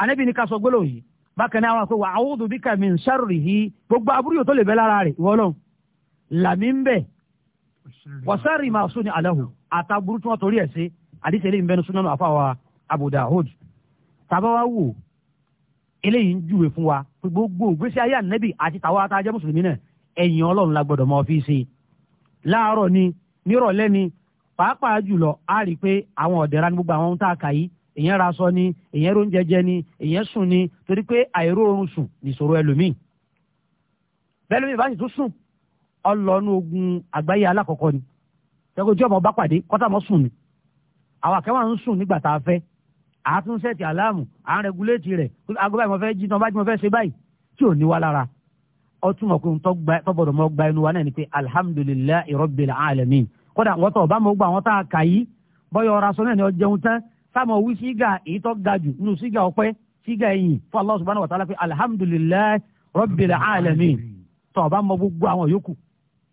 anẹ́bì ni ká sọ gbólóhùn bákan náà wọn pé wà áwùdù bíkà min sharrihi gbogbo aburú tó lè bẹ́ lára rẹ̀ ìwọ́lọ́hùn làmí ń bẹ̀ wasari ma suni alahu àtàbúrú tí wọ́n torí ẹ̀ sí àdìsí eléyìí bẹnu súnánù àfàwà Abu Dawud tàbáwá wò eléyìí ń júwe fún wa gbogbo gbèsè ayé ànẹ́bì àti tàwa tá a jẹ́ mùsùlùmí náà ẹ̀yìn ọlọ́run la gbọ́dọ̀ mọ ọ́fíìsì láàárọ̀ ni nírọ̀lẹ́ ni pàápàá jùlọ a rí i pé àwọn ọ̀dẹ̀ra ni gbogbo àwọn ohun tá a kà yìí èèyàn ra aṣọ ni èèyàn ró ń jẹjẹ ni èèyàn sùn ni torí pé àìró sun sùn nìṣòro ẹlòmíì bẹ́ẹ̀ lómi ìbáṣe tó sùn ọlọ́nu ogun àgbáyé alákọ̀ọ́kọ́ ni tẹ́kọ̀ tí ọmọ bá pàdé kọ́tà mọ́ sùn ni àwọn àkẹ́wà ń sùn nígbà tá a fẹ́ àátún sẹ́ẹ̀tì àláàmù à ń rẹguléètì rẹ̀ aago báyìí mo fẹ́ jí tán báyìí mo fẹ́ ṣe báyìí tí ò ní wá lára ọtún mọ̀ pé ń tọ́gbọ̀dọ̀ mọ́ gba ẹnu wa náà ni pé alhamdulillahi rabbil alamin kódà wọ́n tọ̀ bá mo gba àwọn tá a kà yìí bọ́yọ̀ ọ̀rọ̀ aṣọ náà ni ọ jẹun tán sáàmù wí sígà èyí tó ga jù nínú sígà ọpẹ́ sígà ẹ̀yìn fún Allah subhanahu wa ta'ala pé alhamdulillahi rabbil alamin tọ̀ bá mọ gbogbo àwọn yòókù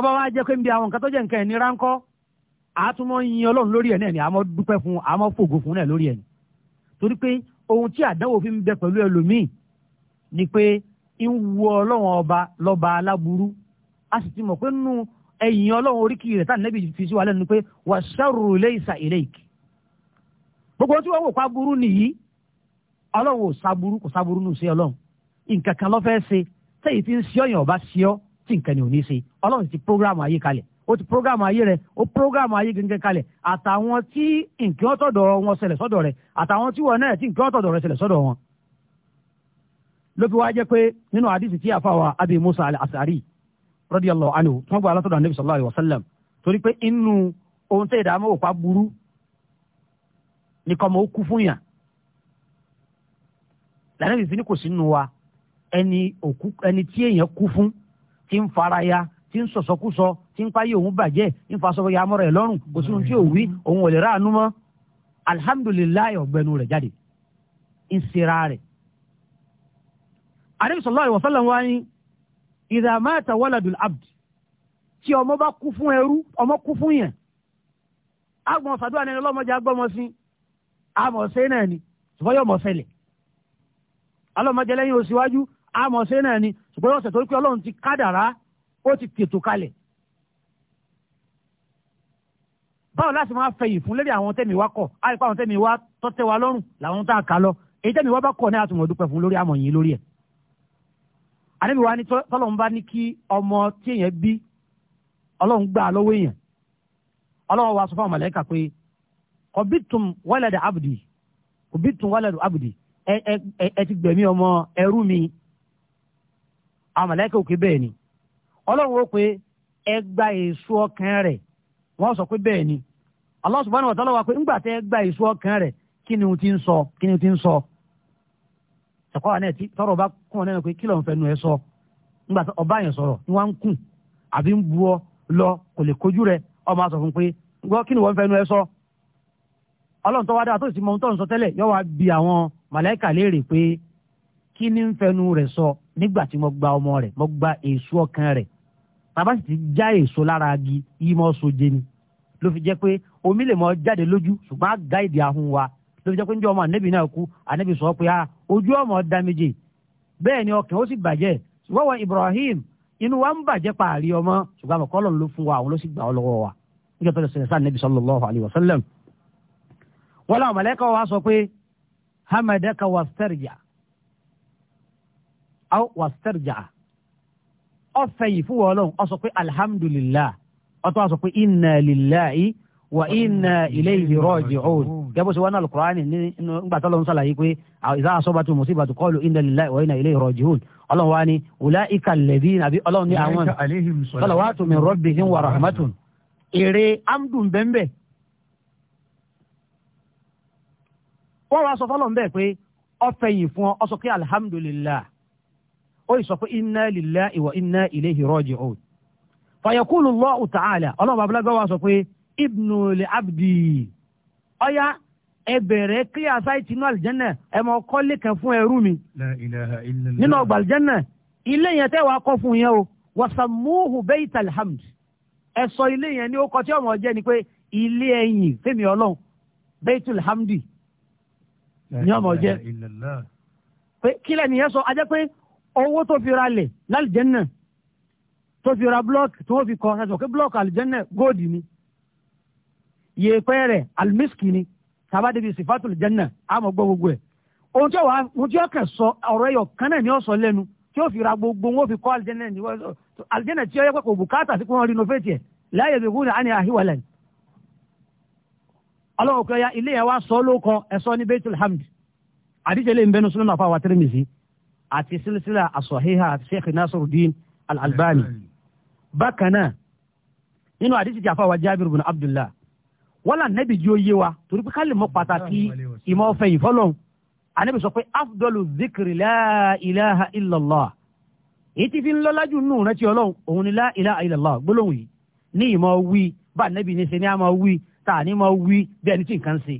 tọ́ba wa jẹ́ pé ń bi àwọn nǹkan tó jẹ́ nǹkan ẹ̀ ní ránkọ́ àtúmọ̀ yin ọlọ́run lórí ẹ̀ náà ni àmọ́ dúpẹ́ fún àmọ́ fògo fún náà lórí ẹ̀ ni torí pé ohun tí àdánwò fi ń bẹ pẹ̀lú ẹlòmíì ni pé ń wu ọlọ́run ọba lọ́ba aláburú a sì ti mọ̀ pé nínú ẹ̀yìn ọlọ́run oríkì rẹ̀ tá nẹ́bí fi sí wa lẹ́nu pé wà sharru laysa ilayk gbogbo tí wọ́n wò pa burú nìyí ọlọ́run ò sáburú kò sáburú nù sí ọlọ́run nǹkan kan lọ́fẹ́ ṣe tẹ́yì ti ń ṣe ọ̀yàn ọba ṣe ọ́ tí nǹkan ni ò ní ṣe ọlọ́run ti prógráàmù ayé kalẹ̀ ó ti prógráàmù ayé rẹ ó prógráàmù ayé gẹ́gẹ́ kalẹ̀ àtàwọn tí nǹkan ọ̀tọ̀dọ̀ wọn ṣẹlẹ̀ sọ́dọ̀ rẹ àtàwọn tí wọn náà tí nǹkan ọ̀tọ̀dọ̀ rẹ ṣẹlẹ̀ sọ́dọ̀ wọn. ló fi jẹ́ pé nínú àdìsí tí àfàwà abi musa al-asari radiyallahu anhu tí wọ́n gba alátọ̀dọ̀ anabi sallallahu alayhi wa sallam torí pé inú ohun tẹ́ ìdààmú òpá burú nìkan mọ̀ ó kú fún yàn lànà ìfini kò sínú wa ẹni tí èèyàn kú fún tí ń faraya tí ń sọ̀sọ́kúsọ tí ń páyé òun bàjẹ́ ń fasọ́fọ́ ya mọ́ra ẹ̀ lọ́rùn kò sí ohun tí ò wí òun ò lè ráàánú mọ́ alihamudulilayi ọ̀gbẹ́nu rẹ̀ jáde ń sera rẹ̀. àdébí sallallahu alaihi wasallam wa ni idha mata waladul abd tí ọmọ bá kú fún ẹrú ọmọ kú fún yẹn agbọn sàdúrà nínú ọlọ́mọdé agbọ́mọ sí amọ̀ náà ni ṣùgbọ́n yóò mọ̀ sẹ́lẹ̀ alọ́mọdé lẹ́yìn òsíwájú àmọ́ ṣe náà ni ṣùgbọ́n ọ̀sẹ̀ tó pé ọlọ́run ti kádàrá ó ti tètò kalẹ̀ báwo láti máa fẹ̀yìn fún lórí àwọn tẹ́mi wá kọ̀ àìpá àwọn tẹ́mi wá tọ́tẹ́ wa lọ́rùn làwọn tá a kà lọ èyí tẹ́mi wá bá kọ̀ náà àtúmọ̀ dúpẹ́ fún lórí àmọ̀ yìí lórí ẹ̀. àníbi wa ni tọ́lọ́run bá ní kí ọmọ tí èèyàn bí ọlọ́run gbà lọ́wọ́ èèyàn ọlọ́run wa sọ fún àmàlẹ́kà pé kọ̀bítùm wálẹ̀dà abdi kọ̀bítùm wálẹ̀dà abdi ẹ ti gbẹ̀mí ọmọ ẹrú mi a màláíkà òkè bẹ́ẹ̀ ni ọlọ́run ó pé ẹ èso ọkàn rẹ̀ wọ́n sọ pé bẹ́ẹ̀ ni Allah subhanahu wa pé ńgbà tẹ́ rẹ̀ kí ni o ti ń sọ kí ni tí tọrọ bá kún ọ pé kí fẹnu ẹ sọ ńgbà ọba yẹn sọ̀rọ̀ ni wọ́n ń àbí ń ọ lọ kò lè kojú rẹ ọmọ àsọ fún pé gbọ́ kí ni ń fẹnu rẹ̀ sọ nígbà tí mo gba ọmọ rẹ̀ mo gba èso ọkàn rẹ̀ bàbá sì ti já èso lára agi yìí mọ́ soje ni ló fi jẹ́ pé omi lè mọ́ jáde lójú ṣùgbọ́n á ìdí ahun wa ló fi jẹ́ pé ń ọmọ ànẹ́bí náà kú ànẹ́bí sọ pé ojú ọmọ dá méje bẹ́ẹ̀ ni ọkàn ó sì bàjẹ́ wọ́wọ́ Ibrahim inú wa ń bàjẹ́ pààrí ọmọ ṣùgbọ́n àmọ́ kọ́lọ̀ ló fún wa àwọn ló sì gbà ọ́ lọ́wọ́ wa nígbà tó lọ sẹ̀rẹ̀ sáà nẹ́bí sallallahu alaihi wasallam wọ́n làwọn mọ̀lẹ́kọ̀ wa sọ pé hamadaka wa sẹ́rìyà aw wastarja ọfẹ yìí fún wọn lọhùn ọsọ pé alhamdulillah ọtọ ọsọ pé inna lillahi wa inna ilayhi raji'un gẹ́gbẹ́ sọ wọn náà alukur'ani nígbà tó lọ́n sàlàyé pé ìzá asọ́bàtú musibatu qalu inna lillahi wa inna ilayhi raji'un ọlọ́run wa ni ulaika alladhina àbí ọlọ́run ní àwọn salawatu min rabbihim wa rahmatun èrè amdùn bẹ́ẹ̀ wọ́n wá sọ fọlọ́n bẹ́ẹ̀ pé ọfẹ yìí fún ọ ọsọ pé alhamdulillah ó sọ pé inna lillahi wa inna ilayhi raji'un fàyẹ̀kúlù Allahu ta'ala ọlọ́run abúlágbà wa sọ pé ibnu li abdi ọ̀yá ẹ bẹ̀rẹ̀ kílíà sáìtì inú àlìjẹ́nà ẹ mọ kọ́lé kan fún ẹrú mi nínú ọgbà àlìjẹ́nà ilé yẹn tẹ́ wàá kọ́ fún yẹn o wasamuhu bayt alhamd ẹ sọ ilé yẹn ní ó kọ tí ọmọ jẹ́ ni pé ilé ẹ̀yìn fẹ́mi ọlọ́run bayt alhamdi ní ọmọ jẹ́ pé kílẹ̀ nìyẹn sọ ajẹ́ pé owó tó fi ra lẹ̀ lálìjẹ́nà tó fi ra blọ́ọ̀kì tó fi kọ́ ṣàṣọ pé blọ́ọ̀kì àlìjẹ́nà góòdì ni yèèpẹ́ rẹ̀ alimiski ni sábàdébí sifatu àlìjẹ́nà àmọ́ gbọ́ gbogbo ẹ̀ ohun tí ó wà ohun tí ó kàn sọ ọ̀rọ̀ ẹ̀yọ̀ kan náà ni ó sọ lẹ́nu tí ó fi ra gbogbo wọn fi kọ́ àlìjẹ́nà ni àlìjẹ́nà tí ó yẹ kó bùkátà sí pé wọ́n rinovate ẹ̀ láyé ìbíkú ni àní àhíwálẹ̀ ni ọlọ́wọ́ kọ́ ya ilé yẹn wá àti sílísílà àsọ̀híhà àti sheikh nasiruddin al-albani bákan náà nínú àdìsí jàfa wa jabir bin abdullah wala nẹ́bi jí ó yé wa torí pé kálí mọ́ pàtàkì ìmọ̀ ọ̀fẹ́ ìfọ́lọ́hún ànẹ́bi sọ pé afdalu zikiri la ilaha illallah èyí ti fi ń lọ́lájú nù rántí ọlọ́run òun ni la ilaha illallah gbólóhùn yìí ní ìmọ̀ wí bá nẹ́bi ní sẹ́ni á wí tá a ní máa wí bẹ́ẹ̀ ní tí nǹkan ṣe.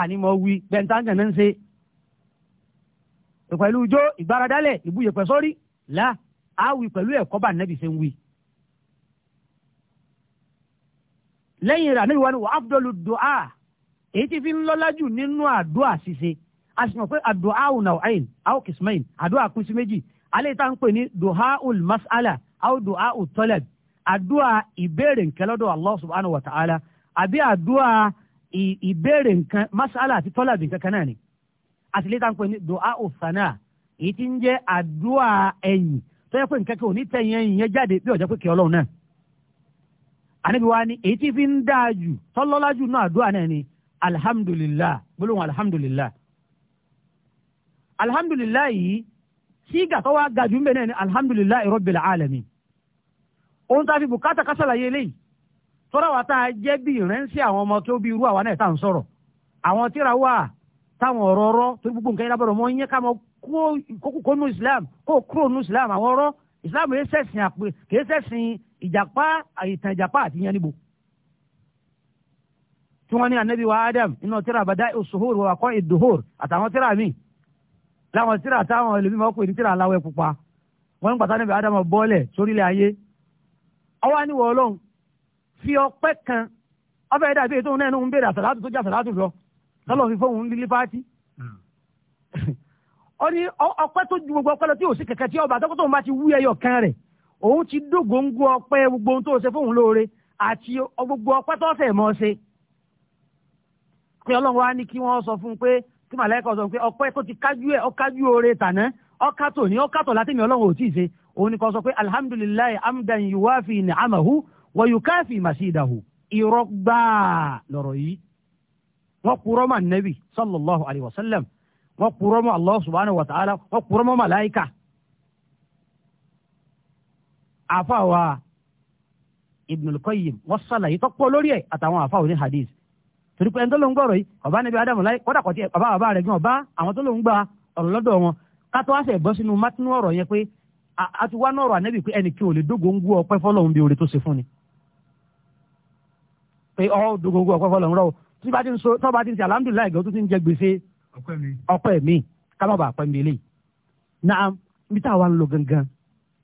ànímọ̀ wí bẹ́ntàǹkà náà ń ṣe. pẹ̀lú ijó ìgbáradálẹ̀ ìbúyẹ̀pẹ̀ sórí là á wí pẹ̀lú ẹ̀kọ́ bá nẹ́bí ṣe ń wí. lẹ́yìn rẹ̀ àníwá ni wà áfúdọ́lù dùá èyí tí fi ń lọ́lá jù nínú àdúà ṣíṣe a sì mọ̀ pé àdúà àwùnà àìn àwọn kìsìmáìn àdúà kún sí méjì alẹ́ ìta ń pè ní dùá ul mas'ala àwọn dùá ul talab àdúà ìbéèrè nkẹ́lọ́dọ̀ Allah subhanahu wa ta'ala àbí àdúà ìbéèrè nǹkan masala àti tọ́làbì nǹkan kan náà ni àti lè tàn pé ní dùá òfànà èyí tí ń jẹ́ àdúrà ẹ̀yìn tó yẹ pé nǹkan kan ò ní tẹ̀yìn ẹ̀yìn yẹn jáde bí ọ̀jọ́ pé kí ọlọ́run náà àníbi wa ni èyí tí fi ń dáa jù tọ́lọ́lá jù náà àdúrà náà ni alhamdulillah gbólóhùn alhamdulillah alhamdulillah yìí sígà tó wá ga náà ni alhamdulillah rabbil alamin ohun tá a fi bùkátà kásàlàyé eléyìí tọ́ra wa tá a jẹ́ bí ìrẹ́nsẹ́ àwọn ọmọ tó bí irú àwa náà tá à ń sọ̀rọ̀ àwọn tíra wà táwọn ọ̀rọ̀ ọ̀rọ̀ tó gbogbo nǹkan yẹn lábọ̀rọ̀ mọ́ ń yẹ ká mọ kókó nu Islam kó kúrò nu Islam àwọn ọ̀rọ̀ Islam kìí sẹ̀sìn àpè kìí sẹ̀sìn ìjàpá ìtàn ìjàpá àti yẹn níbo. tí wọ́n ní anabi wa Adam iná tíra àbàdá osuhur wa kọ́ ìdòhor àtàwọn tíra mi láwọn tíra táwọn ẹlòmíràn kò ní tíra aláwẹ̀ pupa wọ́n ń pàtàkì anabi Adam bọ́ọ̀lẹ̀ sórílẹ̀ ayé ọwọ́ àníwọ̀ ọlọ́run fi ọpẹ́ kan ọbẹ̀ dàbí ètò náà ń bèrè àsàlátù tó jẹ́ àsàlátù lọ lọ́lọ́ fi fóun lílí hmm. pátí. ó ní ọpẹ́ tó ju gbogbo ọpẹ́ lọ tí ò sí kẹ̀kẹ́ tí ọba àtọ́kọ́ tóun bá ti wú ẹyọ kan rẹ̀ òun ti dógóńgó ọpẹ́ gbogbo ohun tó ṣe fóun lóore àti gbogbo ọpẹ́ tó fẹ̀ mọ́ ṣe. pé ọlọ́run wá ní kí wọ́n sọ fún un pé kí màláìka sọ pé ọpẹ́ tó ti kájú ẹ̀ ọkájú oore tàná ọkà tòní ọkà látìmí ọlọ́run ò tí ì ṣe òun ni kò sọ pé alhamdulillahi amdan yuwafi ni'amahu wa yukafi masidahu irọ́ gbáà lọ́rọ̀ yìí wọ́n purọ́ mọ́ nabi sallallahu alayhi wa sallam wọ́n purọ́ mọ́ allah subhanahu wa ta'ala wọ́n purọ́ mọ́ malaika àfàwà ibnul qayyim wọ́n sàlàyé tó pọ̀ lórí ẹ̀ àtàwọn àfàwà ní hadith torí pé ẹni tó ló ń gbọ́rọ̀ yìí ọba níbi adamu láì kọ́dà kọ́tí bàbá bàbá rẹ̀ gan ọba àwọn tó ló ń gba ọ̀rọ̀ lọ́dọ̀ wọn kátó àṣẹ ìbọn sínú mátínú ọ̀rọ̀ yẹn pé àtiwá náà ọ̀rọ̀ ànẹ́bì pé ẹnì kí ò lè dógò ń gbó ọpẹ́ fọlọ́run bí oore tó ṣe fún ni pé ọ́ dogogo ọ̀pẹ́ fọlọ́ ńrọ́ o tí bá ti ń so tọ́ bá ti ń ṣe alhamdulilayi gan tó ti ń jẹ gbèsè ọpẹ́ mi ká má bàa pẹ́ mi lè naam ibi tá a wà ń lọ gangan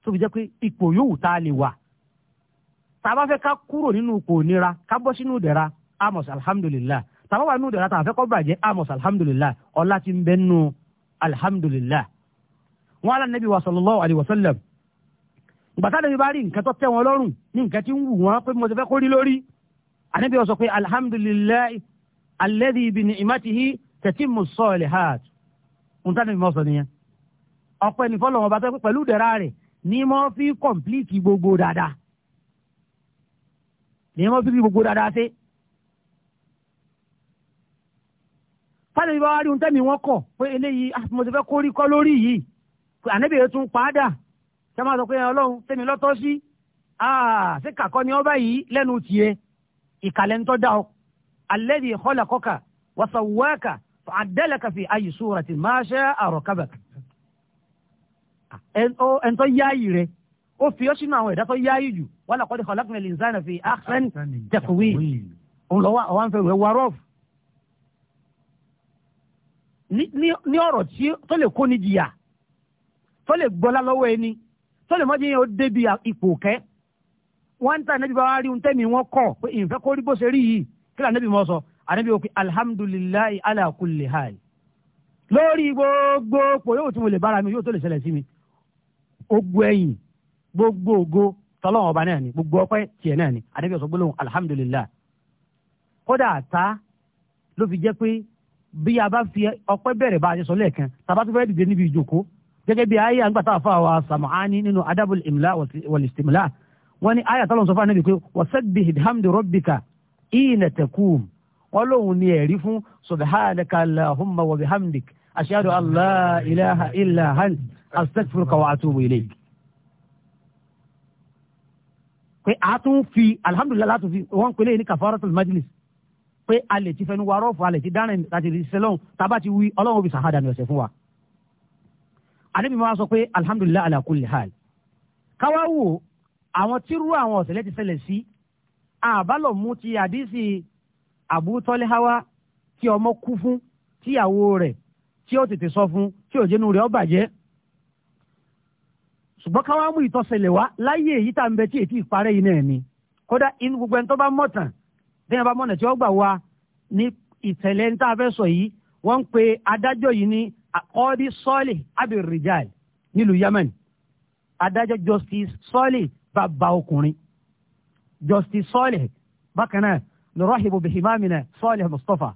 tó fi jẹ́ pé ipò yóò tá a lè wà tá a bá fẹ́ ká kúrò nínú ipò nira ká bọ́ sínú ìdẹ̀ra amos alhamdulilayi tá a bá wà nínú ìdẹ̀ra tá a fẹ́ kọ́ bàjẹ́ amos alhamdulilayi ọlá ti ń bẹ nínú alhamdulilayi wọn ala nabi wa sallallahu alayhi wa sallam gbàtà lè fi bá rí nǹkan tó tẹ́ ní nǹkan ń wù wọn pé mo ti fẹ́ kórí lórí ànábì ó sọ pé alhamdulilayi alladhi bi ni'matihi tatimmu salihat ntànà ìmọ̀ sọ nìyẹn ọpẹ́ ní fọlọ́ wọn bá tẹ́ pẹ̀lú dẹ̀ra rẹ̀ ní mọ́ fi kọ̀m̀plìtì gbogbo dáadáa ní mọ́ fi gbogbo dáadáa ṣe. fáwọn ìbá wa rí ohun tẹ́mi wọn kọ̀ pé eléyìí ah, mo ti fẹ́ kórí kọ́ lórí yìí ànábì yẹn tún padà ṣé máa sọ pé ọlọ́run tẹ́mi lọ́tọ́ sí ah, ṣé kàkọ́ ni ọba ìkàlẹ̀ ń tọ́jà ọ alladhi khalaqaka wa sawwaka fa'adalaka fi ayi surati ma sha'a rakabak. ẹn tó yáàyì rẹ ó fi ọ́ sínú àwọn ẹ̀dá tó yáàyì jù wa laqad khalaqna al-insana fi ahsani taqwim òun lọ́wọ́ àwọn afẹ́ rẹ̀ wà rọ́ọ̀fù. ní ọ̀rọ̀ tí tó lè kó ní jìyà tó lè gbọ́lá lọ́wọ́ ẹni tó lè mọ́jú yẹn ó débi ipò kẹ́ wọ́n ń tà níbi báwa rí ntẹ́mi wọn kọ̀ pé ìfẹ́ kó rí bó ṣe rí yìí kí là níbi mọ́ sọ àníbi òkè alhamdulillahi ala kulli hal lórí gbogbo pò yóò tún lè bára mi yóò tó lè ṣẹlẹ̀ sí mi ogbó ẹ̀yìn gbogbo ògo tọ́lọ́wọ́n ọba náà ni gbogbo ọpẹ́ tiẹ̀ náà ni àníbi ọ̀sọ́ gbólóhùn alhamdulillahi kódà àtá ló fi jẹ́ pé bí a bá fi ọpẹ́ bẹ̀rẹ̀ bá a ṣe sọ lẹ́ẹ̀kan tàbá tó fẹ́ dìde níbi ìjókòó gẹ́gẹ́ bí ayé àgbàtà fáwọn sàmùhání nínú wọ́n ní ayé àtàlọ́ sọ́fà níbi pé wasabbih bihamdi rabbika ina wọ́n lóhun ni ẹ̀rí fún subhanaka allahumma ti fẹnu wa rọ́ọ̀fù a ti dáná láti rí sẹlọ́n tába ti wí ọlọ́run bí sàhádà ní ọ̀sẹ̀ fún wa. àdébí máa sọ pé alihamudulilayi ala káwá wò àwọn tírú àwọn ọ̀sẹ̀lẹ̀ ti ṣẹlẹ̀ sí àbálọ̀ mú ti àdísì àbútọ́léháwá tí ọmọ kú fún tíyàwó rẹ̀ tí ó tètè sọ fún tí òjẹ́nu rẹ̀ ó bàjẹ́ ṣùgbọ́n ká wá mú ìtọ́sẹ̀lẹ̀ wá láyé èyí tá à ń bẹ tí èyí tí ìparẹ́ yìí náà ni kódà inú gbogbo ẹni tó bá mọ̀tàn bẹ́ẹ̀ bá mọ̀nà tí ó gbà wá ní ìtẹ̀lẹ́ ní tá a fẹ́ sọ yìí wọ́n ń pe adájọ́ yìí ní akọ́ọ́dí sọ́ọ̀lì abirrijal nílùú Yemen adájọ́ justice sọ́ọ̀lì bàbá ọkùnrin justice sọ́ọ̀lẹ̀ bákan náà nùrọ̀hìbù bìhìmáàmìnà sọ́ọ̀lẹ̀ mustapha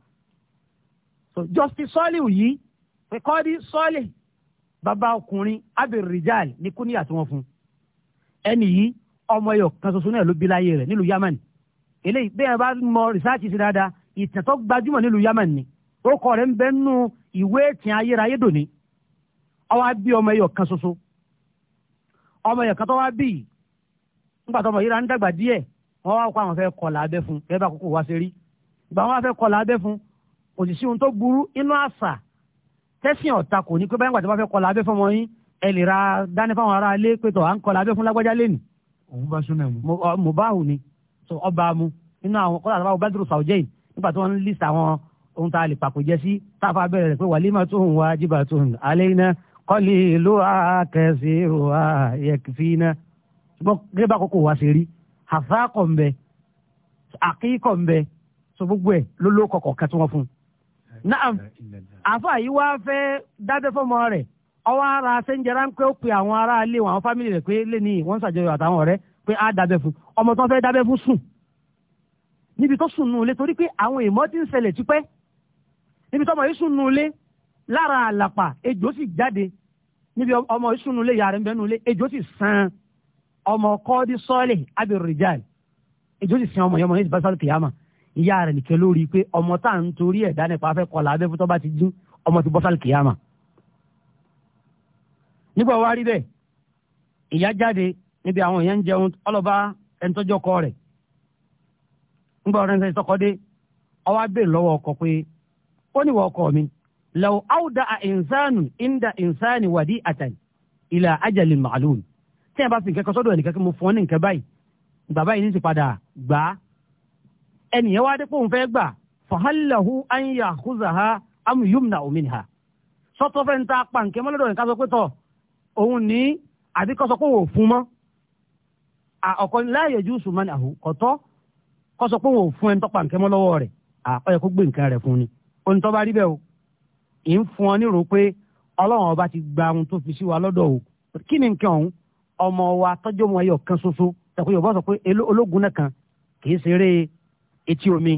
so justice sọ́ọ̀lẹ̀ yìí rẹ̀kọ́dí sọ́ọ̀lẹ̀ bàbá ọkùnrin abir rijal ní kúníyà tí wọ́n fún ẹni yìí ọmọ ẹyọ kan ṣoṣo náà ló bí láyé rẹ̀ nílùú yamani eléyìí bẹ́ẹ̀ bá mọ rìsáàcì sí dáadáa ìtàn tó gbajúmọ̀ nílùú yamani ni ó kọ rẹ̀ ń bẹ nínú ìwé ìtàn ayérayé dòní ọwọ́ bí ọmọ ẹyọ kan ṣoṣo ọmọ ẹyọ kan tó wá bí nígbà tó ọmọ yìí ra ń dàgbà díẹ̀ wọ́n wá kó àwọn fẹ́ kọlà abẹ́ fún bẹ́ẹ̀ bá kókó wá sí rí ìgbà wọn fẹ́ kọlà abẹ́ fún kò sì sí ohun tó burú inú àṣà tẹ́sìn ọ̀tá kò ní pé báyìí gbàtí wọ́n fẹ́ kọlà abẹ́ fọmọ yín ẹ lè ra dání fáwọn ará ilé pé tọ̀ à ń kọlà abẹ́ fún lágbájá lẹ́nu. ohun tá lè pàkó jẹ sí táfà bẹ̀rẹ̀ rẹ̀ pé wàlímà tó ń wá tó ń alẹ́ iná kọ́lì ìlú àkẹ́sì ìrù àyẹ̀kìfínà ṣùgbọ́n gẹ́gẹ́ bá kókó wa ṣe rí àfáàkọ̀ ń bẹ àkíkọ̀ ń bẹ sọ gbogbo ẹ̀ ló ló kọ̀kọ̀ kan tí wọ́n fún un. náà àfáà yìí wá fẹ́ dábẹ́ fọmọ rẹ̀ ọwọ́ ara sẹ́ńjẹ́ ráńpẹ́ ó pe àwọn ará ilé wọn àwọn fámìlì rẹ̀ pé lẹ́ni wọ́n ń ṣàjọyọ̀ àtàwọn ọ̀rẹ́ pé á dábẹ́ fún ọmọ tó ń fẹ́ dábẹ́ fún sùn níbi tó sùn nùlé torí pé àwọn èèmọ́ ti ń ṣẹlẹ̀ tipẹ́ níbi tọmọ yìí sùn nùlé lára àlàpà ejò sì jáde níbi ọmọ yìí sùn nùlé yàrá ń bẹ nùlé ejò sì sàn án ọmọ kọ́ọ́dí sọ́ọ̀lì abirujal ìjọ sin ọmọ yẹn ọmọ yẹn kìyàmà ìyá rẹ̀ nìkan lórí pé ọmọ tá ń torí ẹ̀dá dání afẹ́ kọlà abẹ́ fútọ́ ti dín ọmọ ti bọ́ sọ́ọ̀lì kìyàmà. nígbà wá rí bẹ́ẹ̀ ìyá jáde níbi àwọn èèyàn jẹun ọlọ́ba ẹni tọ́jọ́ rẹ̀ nígbà ní bèèrè lọ́wọ́ pé ó ní wọ́n mi tí ẹ bá fi nǹkan kan sọ́dọ̀ ẹnìkan kí mo fọ́ ní nǹkan báyìí gbà báyìí ní ti padà gbà á ẹnìyẹn wá dé pé òun fẹ́ gbà fàhálàhù ányà kúzàhá amúyùmnà òmìnira sọ́tọ́ fẹ́ ń ta apá nǹkan mọ́lọ́dọ̀ nǹkan sọ pé tọ̀ òun ní àbíkọ́ sọ pé òun fún mọ́ ọ̀kọ́ láàyè jù sùnmọ́ àhù kọ̀tọ́ kọ́ sọ pé òun fún ẹni tọ́pa fún ọ nírò pé ọlọ́run ọba ti gba ohun tó fi sí wa lọ́dọ̀ o kí ni nǹkan ọ̀hún ọmọ wa tọ́jú ọmọ ẹyọ kan ṣoṣo tẹ̀kọ́ yorùbá sọ pé ológun náà kan kì í ṣeré etí omi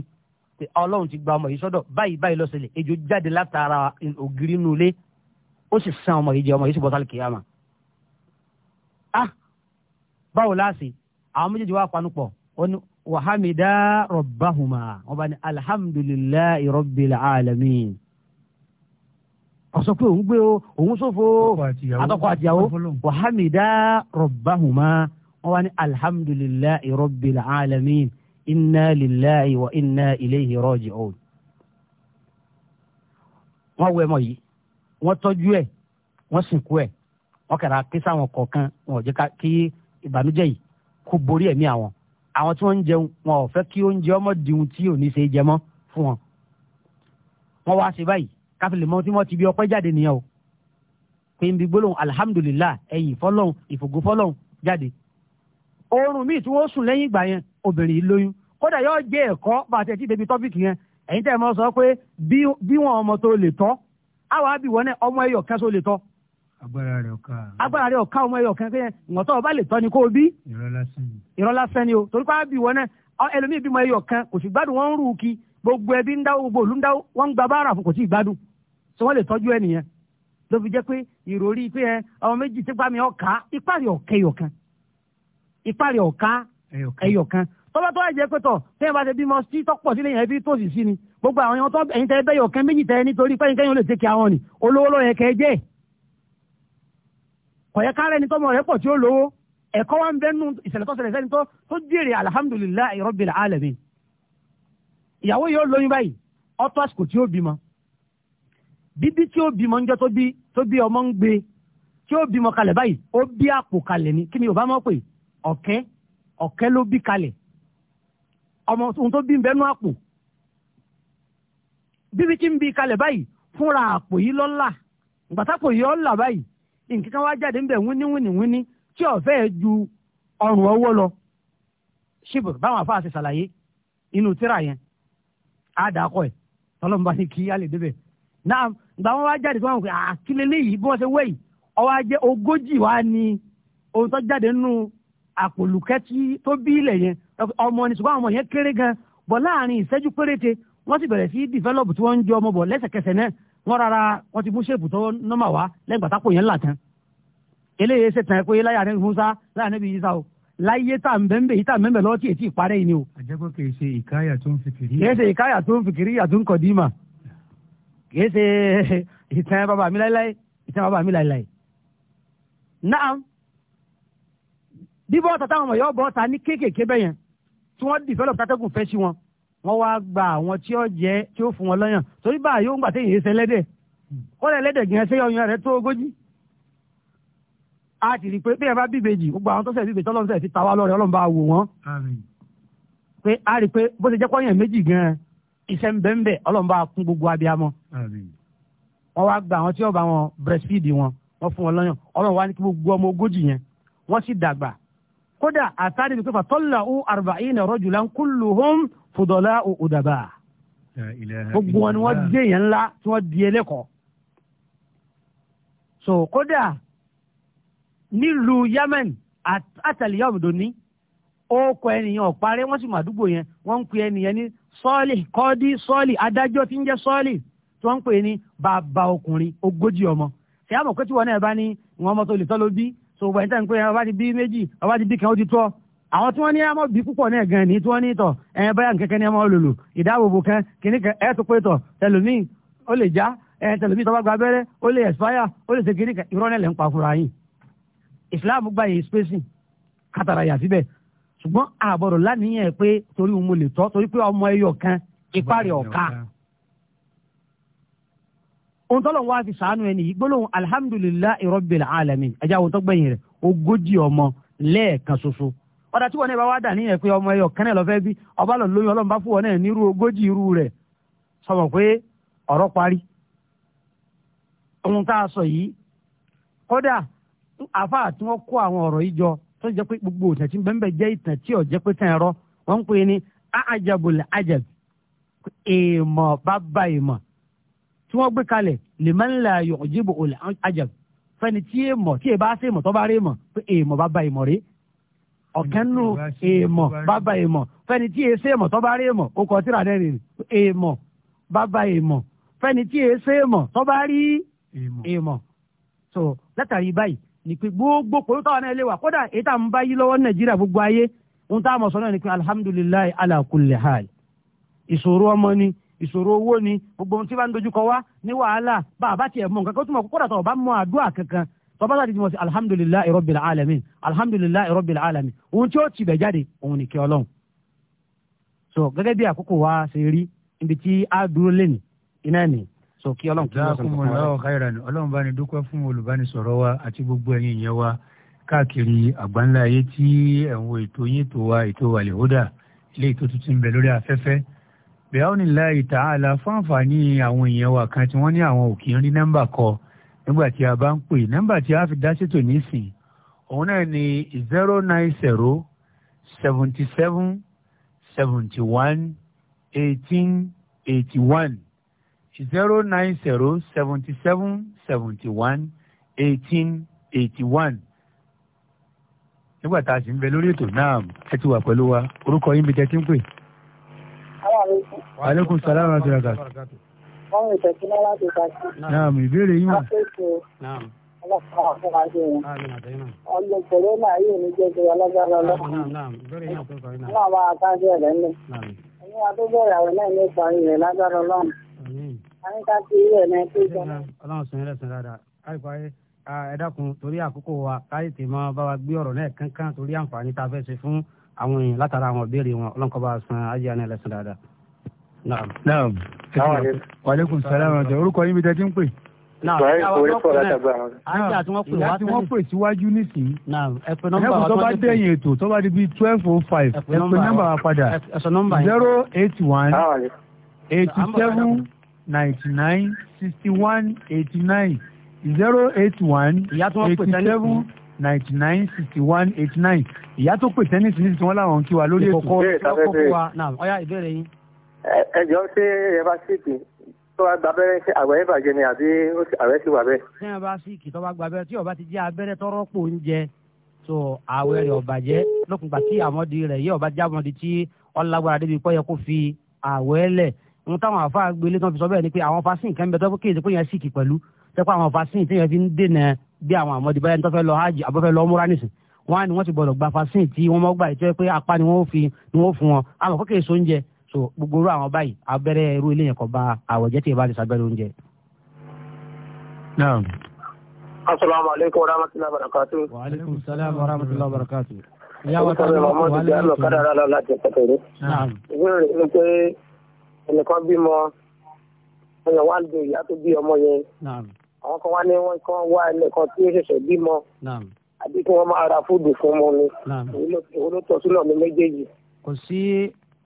ọlọ́run ti gba ọmọ yìí sọ́dọ̀ báyìí báyìí ló ṣẹlẹ̀ ejò jáde látara ògiri inú ilé ó sì san ọmọ yìí jẹ ọmọ yìí sì bọ́ sálì kìyàmà. ah báwo láàsì àwọn méjèèjì wá panupọ̀ ó ní wàhámídá rọ̀báhùmá wọn bá ní alhamdulillahi rabbil alamin ọsọ pé òun gbé o òun ṣòfò àtọkọ àtìyàwó wàhámìdá rọbàhùmá wọn wá ní alihamudulilayi rọbìlà alamin inna lillahi wa inna ilayhi raji'un. wọ́n wẹ mọ̀ yìí wọ́n tọ́jú ẹ̀ wọ́n sìnkú ẹ̀ wọ́n kẹ̀ra kí sáwọn kọ̀ọ̀kan wọn ò jẹ́ ká kí ìbànújẹ́ yìí kó borí ẹ̀mí àwọn àwọn tí wọ́n ń jẹun wọn ò fẹ́ kí oúnjẹ ọmọ tí ò ní ṣe jẹ fún wọn. wọ́n wá ṣe báyìí káfílẹ̀ mọ́ tí wọ́n ti bí ọpẹ́ jáde nìyẹn o pé n bí gbólóhùn alihamudulilayi ẹ̀yìn fọlọ́hùn ìfògo fọlọ́hùn jáde oorun míì tí wọ́n sùn lẹ́yìn ìgbà yẹn obìnrin yìí lóyún kódà yóò jẹ ẹ̀kọ́ bá a tẹ̀ tí débi tọ́pìkì yẹn ẹ̀yin tẹ̀ mọ́ sọ pé bí wọn ọmọ tó lè tọ́ àwọn àbí wọn náà ọmọ ẹyọ kan lè tọ́. agbára rẹ̀ ọ̀ka. ọmọ ẹyọ kan pé ni kó o bí. irọ́ lásán ni o torí pé àbí wọn náà ẹlòmíì bímọ ẹyọ kan kò sì gbádùn wọn sọ wọ́n lè tọ́jú ẹ nìyẹn ló fi jẹ́ pé ìròrí pé ẹ ọmọ méjì sípa mi ọ̀ka ipá rẹ̀ ọ̀kẹ́ ẹyọ̀kan ipá rẹ̀ ọ̀ka ẹyọ̀kan tọ́lá tó ẹ̀jẹ̀ pé tọ̀ tẹ́yìn bá ti bímọ sí tọ́pọ̀ sílé yẹn bí tòsí sí ni gbogbo àwọn ẹ̀yàn tó ẹ̀yìn tẹ́ bẹ́yọ̀ kẹ́ méjì tẹ́ nítorí pẹ́yìn kẹ́yìn ó lè ṣe kí àwọn ni olówó ló yẹ kẹ́ jẹ́ ni tọ́mọ rẹ̀ pọ̀ tí ó lówó ẹ̀kọ́ wa ń bẹ́ nù ìṣẹ̀lẹ̀ tó alamin ìyàwó yóò lóyún báyìí ọtọ́ àsìkò tí ó bímọ bíbí tí ó bímọ ń jọ tó bí tó bí ọmọ ń gbé tí ó bímọ kalẹ̀ báyìí ó bí àpò kalẹ̀ ni kí ni yorùbá máa pè ọ̀kẹ́ ọ̀kẹ́ ló bí kalẹ̀ ọmọ ohun tó bí ń bẹnu àpò bíbí tí ń bí kalẹ̀ báyìí fúnra àpò yìí lọ́la gbàtàpò yìí ọ̀la báyìí nǹkan wá jáde ń bẹ̀ wíní wíní wíní tí ọ̀fẹ́ ju ọrùn ọwọ́ lọ ṣíbù báwọn afáàṣẹ ṣàlàyé inú tíra yẹn á dà á kọ́ ẹ̀ tọ́lọ́mùbá ní kí á lè débẹ̀ náà ìgbà wọn wá jáde tí wọn kò àkílẹ̀ léyìí bí wọ́n ṣe wéyìí ọwọ́ ajé ogójì wá ni ohun tó jáde nínú àpòlùkẹ́tì tó bí ilẹ̀ yẹn ọmọ ní ṣùgbọ́n ọmọ yẹn kéré gan bọ̀ láàrin ìṣẹ́jú péréte wọ́n sì bẹ̀rẹ̀ sí dìfẹ́lọ́pù tí wọ́n ń jọ ọmọ bọ̀ lẹ́sẹ̀kẹsẹ̀ náà wọ́n rárá wọ́n ti mú ṣèpù tó nọ́mà wá lẹ́gbàá tápò yẹn là tán eléyìí ṣe tàn pé láyà níbi Musa láyà níbi Isa o láyé tá mbẹ́mbẹ́ yìí tá mbẹ́mbẹ́ lọ́ọ́ tí èsì ìparẹ́ yìí ni o. àjẹgbọ́ kì í ṣe ìkáyà tó ń fikiri. yà tó ń kọ̀ dì kìí ṣe ìtàn bàbá mi láéláé ìtàn bàbá mi láéláé. náà bí bọ́ọ̀tà táwọn ọmọ yóò bọ́ọ̀tà ní kéékèèké bẹ́yẹn tí wọ́n dìfẹ́lọ̀ kátẹ́gùn fẹ́ sí wọn wọ́n wá gba àwọn tí ó jẹ́ tí ó fún wọn lọ́yàn torí bá yóò ń gbà téèyàn ṣe lẹ́dẹ̀ kọ́lẹ̀ lẹ́dẹ̀ gìyàn ṣe ọyàn rẹ̀ tó ogójì. a ti rí i pé bí ẹ bá bíbejì gbogbo àwọn tó ṣẹ̀ bíbejì tọ́lọ́sẹ̀ ti ta wá lọ́rẹ̀ ọlọ́run bá wò wọ́n. pé a rí i pé bó ṣe jẹ́ pọ́yàn méjì gan-an iṣẹ́ ń bẹ́ ń bẹ́ ọlọ́run bá kún gbogbo abiyamọ. wọ́n wá gba àwọn tí wọ́n bá wọn breastfeed wọn wọ́n fún wọn lọ́yàn ọlọ́run wá ní kí gbogbo ọmọ ogójì yẹn wọ́n sì dàgbà. kódà àtàrí nípa tọ́lá ó arba'ina rajulan kulluhum fudala ó òdàbà. gbogbo wọn ni wọ́n dé yẹn ńlá tí wọ́n di ẹlẹ́kọ̀ọ́. so kódà nílùú Yemen àtàlíyàwó dòní ó kọ ẹnìyàn ọ̀parẹ́ wọ́n sì mọ àdúgbò yẹn wọ́n sọ́ọ̀lì kọ́ọ́dí sọ́ọ̀lì adájọ́ tí ń jẹ́ sọ́ọ̀lì tí wọ́n ń pè ní bàbá ọkùnrin ogójì ọmọ ṣé àmọ̀ pé tí wọn náà bá ní wọn ọmọ tó lè tọ́ ló bí so gbogbo ẹ̀ńtà ń pè ọba ti bí méjì ọba ti bí kan ó ti tọ́ àwọn tí wọ́n ní àmọ́ bí púpọ̀ náà gan ní tí wọ́n ní tọ̀ ẹ̀ báyà kẹ́kẹ́ ní ọmọ olùlù ìdáàbòbò kan kìíní kan ẹ̀ tó pé tọ̀ tẹlòmíì ó lè já ẹ̀ tẹlòmíì tó bá gba abẹ́rẹ́ ó lè expire ó lè ṣe kìíní kan ń pa fúnra yìí Islam gbàyè spacing kátàrà yà síbẹ̀ ṣùgbọ́n àbọ̀rọ̀ lánìyàn pé torí mo lè tọ́ torí pé ọmọ ẹyọ kan ìparí ọ̀ka. ohun tọ́lọ̀ wá fi sàánú ẹni yìí gbólóhùn alihamudulilayi rọ́bìlì alamin ẹja àwọn tó gbẹ̀yìn rẹ̀ ogójì ọmọ lẹ́ẹ̀kan ṣoṣo. ọ̀dà tí wọn náà bá wá dà níyàn pé ọmọ ẹyọ kan náà lọ́fẹ́ bí ọba lọ lóyún ọlọ́run bá fún wọn náà nírú ogójì irú rẹ̀ sọmọ pé ọ̀rọ̀ parí. ohun tá a sọ yìí kódà àfáà tí wọ́n kó àwọn ọ̀rọ̀ yìí jọ tó jẹ́ pé gbogbo ìtàn tí bẹ́ẹ̀ jẹ́ ìtàn tí ò jẹ́ pé tàn ẹ̀rọ wọ́n ń pè ní ajabul ajab èèmọ̀ bàbá èèmọ̀ tí wọ́n gbé kalẹ̀ liman la yu'jibu ul ajab fẹ́ni tí èèmọ̀ tí èèbá sí èèmọ̀ tó bá rí èèmọ̀ pé èèmọ̀ bàbá èèmọ̀ rí ọ̀kẹ́nu èèmọ̀ bàbá èèmọ̀ fẹ́ni tí èèsẹ́ èèmọ̀ tó bá rí èèmọ̀ ó kọ tíra dẹ́rìn èèmọ̀ bàbá èèmọ̀ fẹ́ni tí èèsẹ́ èèmọ̀ tó bá rí èèmọ̀ so látàrí báyìí ni pé gbogbo kòtò táwọn náà lè wà kódà èyí tá à ń bá yí lọ́wọ́ nàìjíríà gbogbo ayé ohun tá a mọ̀ sọ náà ni pé alhamdulilayi ala kulli hal ìṣòro ọmọ ni ìṣòro owó ni gbogbo ohun tí bá ń dojúkọ wá ní wàhálà bá a bá tiẹ̀ mọ̀ nǹkan kó túmọ̀ kódà tó o bá mọ àdúrà kankan tó o bá sàdéjì mọ̀ sí alhamdulilayi rabbil alamin alhamdulilayi rabbil alamin ohun tí ó ti bẹ̀ jáde òun ni kí ọlọ́run so so kí ọlọ́run kí wọ́n sọ fún wa. jazakumullahu khairan ọlọ́run bá ní dúpẹ́ fún olùbánisọ̀rọ̀ wa àti gbogbo ẹ̀yin yẹn wa káàkiri àgbáńlá ayé tí ẹ̀wọ̀n ètò yín tó wa ètò àlèhódà ilé ètò tuntun ń bẹ lórí afẹ́fẹ́ bi'awnillahi ta'ala fún àǹfààní àwọn èèyàn wa kan tí wọ́n ní àwọn ò kì í rí nọ́mbà kọ nígbà tí a bá ń pè nọ́mbà tí a fi dá ṣètò nísìn òun náà ni zero nine zero seventy seven seventy one eighteen eighty one zero nine zero seventy seven seventy one eighteen eighty one nígbà tá a sì ń bẹ lórí ètò náà ẹ ti wà pẹ̀lú wa orúkọ yín bí tẹ́ ti ń pè. aleykum salaam wa rahmatulah. báwo ni ìtọ́jú náà láti ká sí. naam ìbéèrè yín wà. ọlọ́pàá àti àjẹ yẹn. ọlọ́ kòrónà yìí ní jẹ́ ìjọba alágbára ọlọ́pàá. náà wà á ká sí ẹ̀rẹ́ mi. ẹ̀yin adúgbò ìyàwó náà ní ìparí rẹ̀ lágbára ọlọ́run àyíká ti rí ẹ̀ náà torí àkókò wa káyé tè máa bá wa gbé ọ̀rọ̀ náà kankan torí àǹfààní tá a fẹ́ ṣe fún àwọn èèyàn látara àwọn ìbéèrè wọn ọlọ́run san ayé àná lẹ́sìn dáadáa. naam naam waaleykum salaam wa orúkọ yín bí tẹ́tí ń pè àti wọ́n pè síwájú nísìnyí. ẹ̀pẹ̀ nọ́mbà tó bá dẹ̀yìn ètò tó bá di bíi twelve oh five ẹ̀pẹ̀ nọ́mbà wa padà zero eight one eighty seven ninety nine sixty one eighty nine zero eight one eighty seven ninety nine sixty one eighty nine ìyá tó pè tẹ́nìsì ní tiwọn láwọn kí wa lórí ètò ìkókó wa náà ọ̀yá ìbéèrè yín. ẹ jọ ṣé ẹ bá ṣèkì tó bá gba abẹ́rẹ́ ṣe àwẹ̀ ìbàjẹ́ ni àbí àwẹ̀ ti wà bẹ́ẹ̀. tí wọn bá ṣèkì tó bá gba abẹ́rẹ́ tí ó bá ti jẹ́ abẹ́rẹ́ tọrọ pò ń jẹ tó àwẹ̀ rẹ̀ ó bàjẹ́ lókùngbà tí àmọ́dí rẹ̀ yẹ́ ó bá jábọ̀dí tí ọlágbára débi pọ́ yẹ kó fi àwẹ̀ lẹ̀ n táwọn àfa gbélé kan fi sọ bẹ́ẹ̀ ni pé àwọn vaccine kan bẹ tó kéde pé yẹn sìkì pẹ̀lú tẹ́ pé àwọn vaccine tí yẹn fi ń dènà bí àwọn àmọ́dé báyẹn tó fẹ́ lọ hajj àbọ̀fẹ́ lọ múra nísìn wọn á ní wọ́n ti gbọ́dọ̀ gba vaccine tí wọ́n mọ́ gbà tó yẹ pé apá ni wọ́n fi ni wọ́n fún wọn àmọ́ kókè so oúnjẹ so gbogbo irú àwọn báyìí abẹ́rẹ́ irú ilé yẹn kò ba àwọ̀ jẹ́ tí ì bá ti sábẹ́rẹ́ oúnjẹ. naam. asalaamualeykum wa rahmatulahi wa barakatu. wa aleykum salaam wa rahmatulahi wa barakatu ẹnìkan bímọ ẹnìkan wá lu ìyá tó bí ọmọ yẹn àwọn kan wá ní wọn kan wá ẹnìkan tí ó ṣẹ̀ṣẹ̀ bímọ àbí kí wọ́n máa ra fúdù fún ọmọ ni òun ló tọ́ súnà ní méjèèjì. kò sí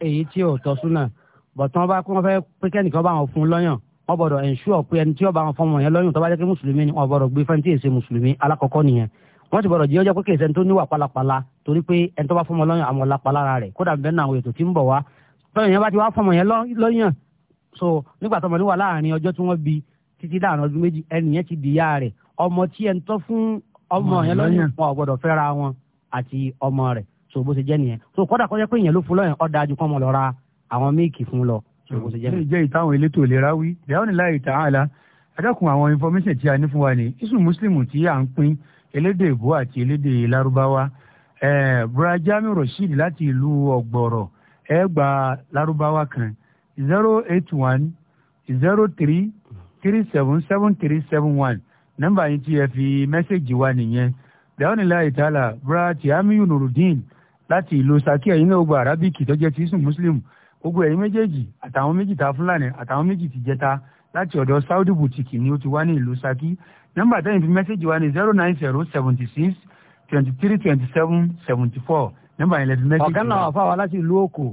èyí tí ò tọ́ súnà bọ̀tán bá kí wọ́n fẹ́ pé kẹ́nìkan bá wọn fún lọ́yàn wọ́n gbọ́dọ̀ ensure pé ẹni tí ó bá wọn fọmọ yẹn lọ́yàn tó bá jẹ́ pé mùsùlùmí ni wọ́n gbọ́dọ̀ gbé fẹ́ni tí èsè mùsùlùmí alákọ̀ọ́kọ́ nìyẹn wọ́n ti gbọ́dọ̀ jẹ́ ọjọ́ pé kèsè tó níwà pálapàla torí pé ẹni tó bá fọmọ lọ́yàn àwọn lápalára rẹ̀ kódà bẹ́ẹ̀ náà àwọn ètò tí ń bọ̀ wá tọ́yìn yẹn bá ti wá fọmọ yẹn lọ́yàn so nígbà tọmọ ní wà láàrin ọjọ́ tí wọ́n bí títí dáhùn ọdún méjì ẹnì yẹn ti di ìyá rẹ̀ ọmọ tí ẹ̀ ń tọ́ fún ọmọ yẹn lọ́yàn wọn ò gbọ́dọ̀ fẹ́ra wọn àti ọmọ rẹ̀ so bó ṣe jẹ́ nìyẹn so kódà kó jẹ́ pé èèyàn ló fún lọ́yàn ọ̀dà àjùkọ́ ọmọ lọ ra àwọn míìkì fún lọ so bó ṣe jẹ́ nìyẹn. ìjẹ́ ìtàwọn elétò ìlera wí ìdáhùn láì tààlà information tí a ní isu muslimu tí à ń pín elédè ìbò àti elédè lárúbáwá ẹ̀ bùrọ̀jà ẹ gba Lárúbáwá kan zero eight one zero three three seven seven three seven one nọ́mbà yìí tí ẹ fi mẹ́sẹ̀gì wa nìyẹn bẹ́ẹ̀nìlá ìtàlá bra tìhámíyù nurudeen láti ìlú Ṣakí ẹ̀yìn náà gba arábíkì tó jẹ́ tìsùn muslim gbogbo ẹ̀yìn méjèèjì àtàwọn méjì ta fúlàní àtàwọn méjì ti jẹta láti ọ̀dọ̀ saudi boutique ni ó ti wá ní ìlú Ṣakí nọ́mbà tẹ́yìn fi mẹ́sẹ̀gì wa ní zero nine zero seventy six twenty three twenty seven seventy four nígbà yẹn lẹ́dí mẹ́sìkì. ọ̀kan náà fáwọn aláṣẹ ìlú òkò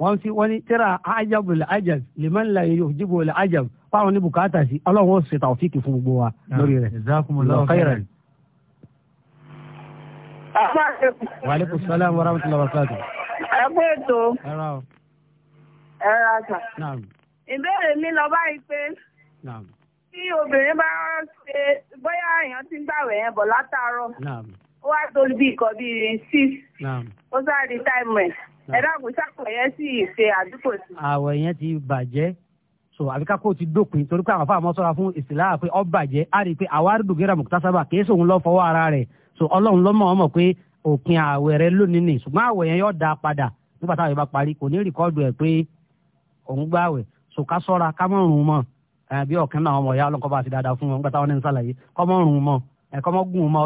wọ́n ti wọ́n ní tẹ́ra ajabu lè ajab liman la yujibu lè ajab fáwọn ní bùkátà sí ọlọ́run ó ṣe tàwọ́fíìkì fún gbogbo wa lórí rẹ̀. jazakumullahu salaam wa rahmatullahi wa barakatuh. ẹ kú ètò. ẹ ra o. ẹ ra sà. ìbéèrè mi lọ báyìí pé tí obìnrin bá ṣe bóyá èèyàn ti ń gbàwẹ̀ yẹn bọ̀ látàárọ̀ ó wá tó bí bíi six ó sáré di táìmù ẹ̀ ẹ dákun sápò yẹn sì ṣe àdúgbò sí. àwọ̀ yẹn ti bàjẹ́ so àbí ká kó ti dópin torí pé àwọn afáàmọ́ sọ́ra fún ìsìlá pé ọ bàjẹ́ á rí i pé àwárí dùgẹ́rà mùtásábà kìí sòun lọ́ fọwọ́ ara rẹ̀ so ọlọ́run lọ́mọ ọmọ pé òpin àwẹ̀ rẹ lónìí nì ṣùgbọ́n àwẹ̀ yẹn yóò da padà nígbà táwọn ìbá parí kò ní rìkọ́ọ̀dù ẹ̀ pé òun gbá àwẹ̀ so ká sọ́ra ká mọ̀ rùn mọ́ bí ọ̀kan náà ọmọ ìyá ọlọ́kọ́ bá ti dáadáa fún wọn nígbà táwọn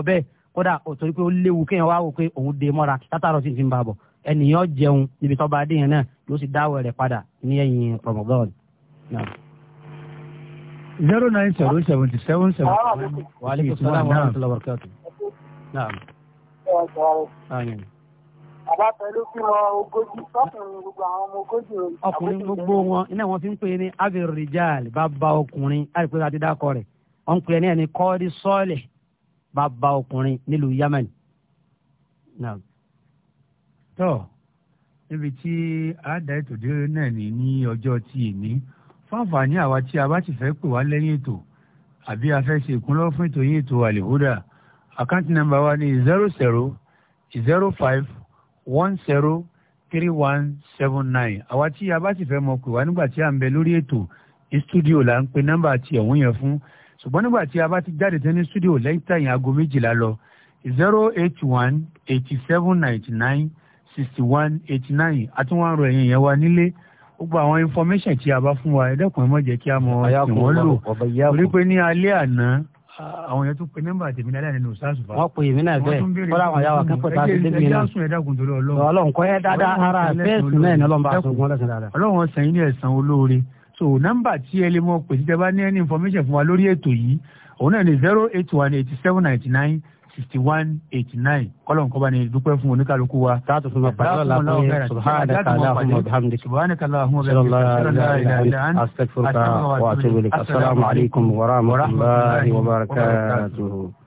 ní kódà òtòrí pé ó léwu kéèyàn wá wò pé òun dé mọ́ra látàrọ̀ sí ti ń bá bọ̀ ẹnìyàn jẹun níbi tọ́ba adé yẹn náà yóò sì dáwọ̀ rẹ̀ padà ní ẹ̀yìn Ramadan. zero nine zero seventy seven seven one wa aleykum salaam wa rahmatulah wa barakatu. Bàbá pẹ̀lú kí wọn ogójì sọ́kùnrin gbogbo àwọn ọmọ ogójì rẹ̀. Ọkùnrin gbogbo wọn iná wọn fi ń pè ní Abir Rijal bàbá ọkùnrin àìpé àti dákọ rẹ̀. Wọ́n ń pè ní ẹni kọ́ọ́dí sọ́ọ̀lẹ̀ bàbá ọkùnrin nílùú Yemen. tọ́ níbi tí àádá ètò dé náà ní ní ọjọ́ tí èmi fáǹfààní àwa tí a bá ti fẹ́ pè wá lẹ́yìn ètò àbí a fẹ́ ṣe ìkúnlọ́ fún ètò yín ètò àlèhúdà àkáǹtì nàmbà wa ní zero zero zero five one zero three one seven nine àwa tí a bá sì fẹ́ mọ̀ pé wá nígbà tí a ń bẹ lórí ètò ní stúdíò là ń pe nọ́mbà àti ẹ̀wọ̀n yẹn fún ṣùgbọ́n nígbà tí a bá ti jáde tẹ́ ní studio lẹ́yìn tàyìn aago méjìlá lọ zero eight one eighty seven ninety nine sixty one eighty nine àtúwọ̀n rẹ̀ yẹn yẹn wá nílé gbogbo àwọn information tí a bá fún wa ẹ̀dẹ́kun ẹ̀ mọ̀ jẹ́ kí a mọ ìwọ́n lò torí pé ní alẹ́ àná àwọn yẹn tún pe nọ́mbà tèmi náà lẹ́nu ṣáàṣù bá. wọ́n pe èmi náà bẹ́ẹ̀ kọ́lá àwọn yàrá kan pẹ̀lú àti tèmi náà. ẹ̀jẹ̀ ẹ̀dá kùn torí ọlọ́run. ọlọ́run kọ́ ẹ dáadáa ara bẹ́ẹ̀ sùn náà ní ọlọ́run bá sọ gbọ́n lọ́sàn dáadáa. ọlọ́run ọ̀sán yìí ni olóore so nọ́mbà tí ẹ lè mọ pè títẹ bá ní any information fún wa lórí ètò yìí òun náà ni zero eight one eighty seven ninety nine sixty one eighty nine kọ́lọ̀n kọ́ba ni dúpẹ́ fún oníkàlùkù wa. káàtó fún mi pàdé ọ̀la pé subhanaka allahumma bihamdik subhanaka allahumma bihamdik astaghfiruka wa atubu ilaik assalamu alaikum wa rahmatullahi wa barakatuhu.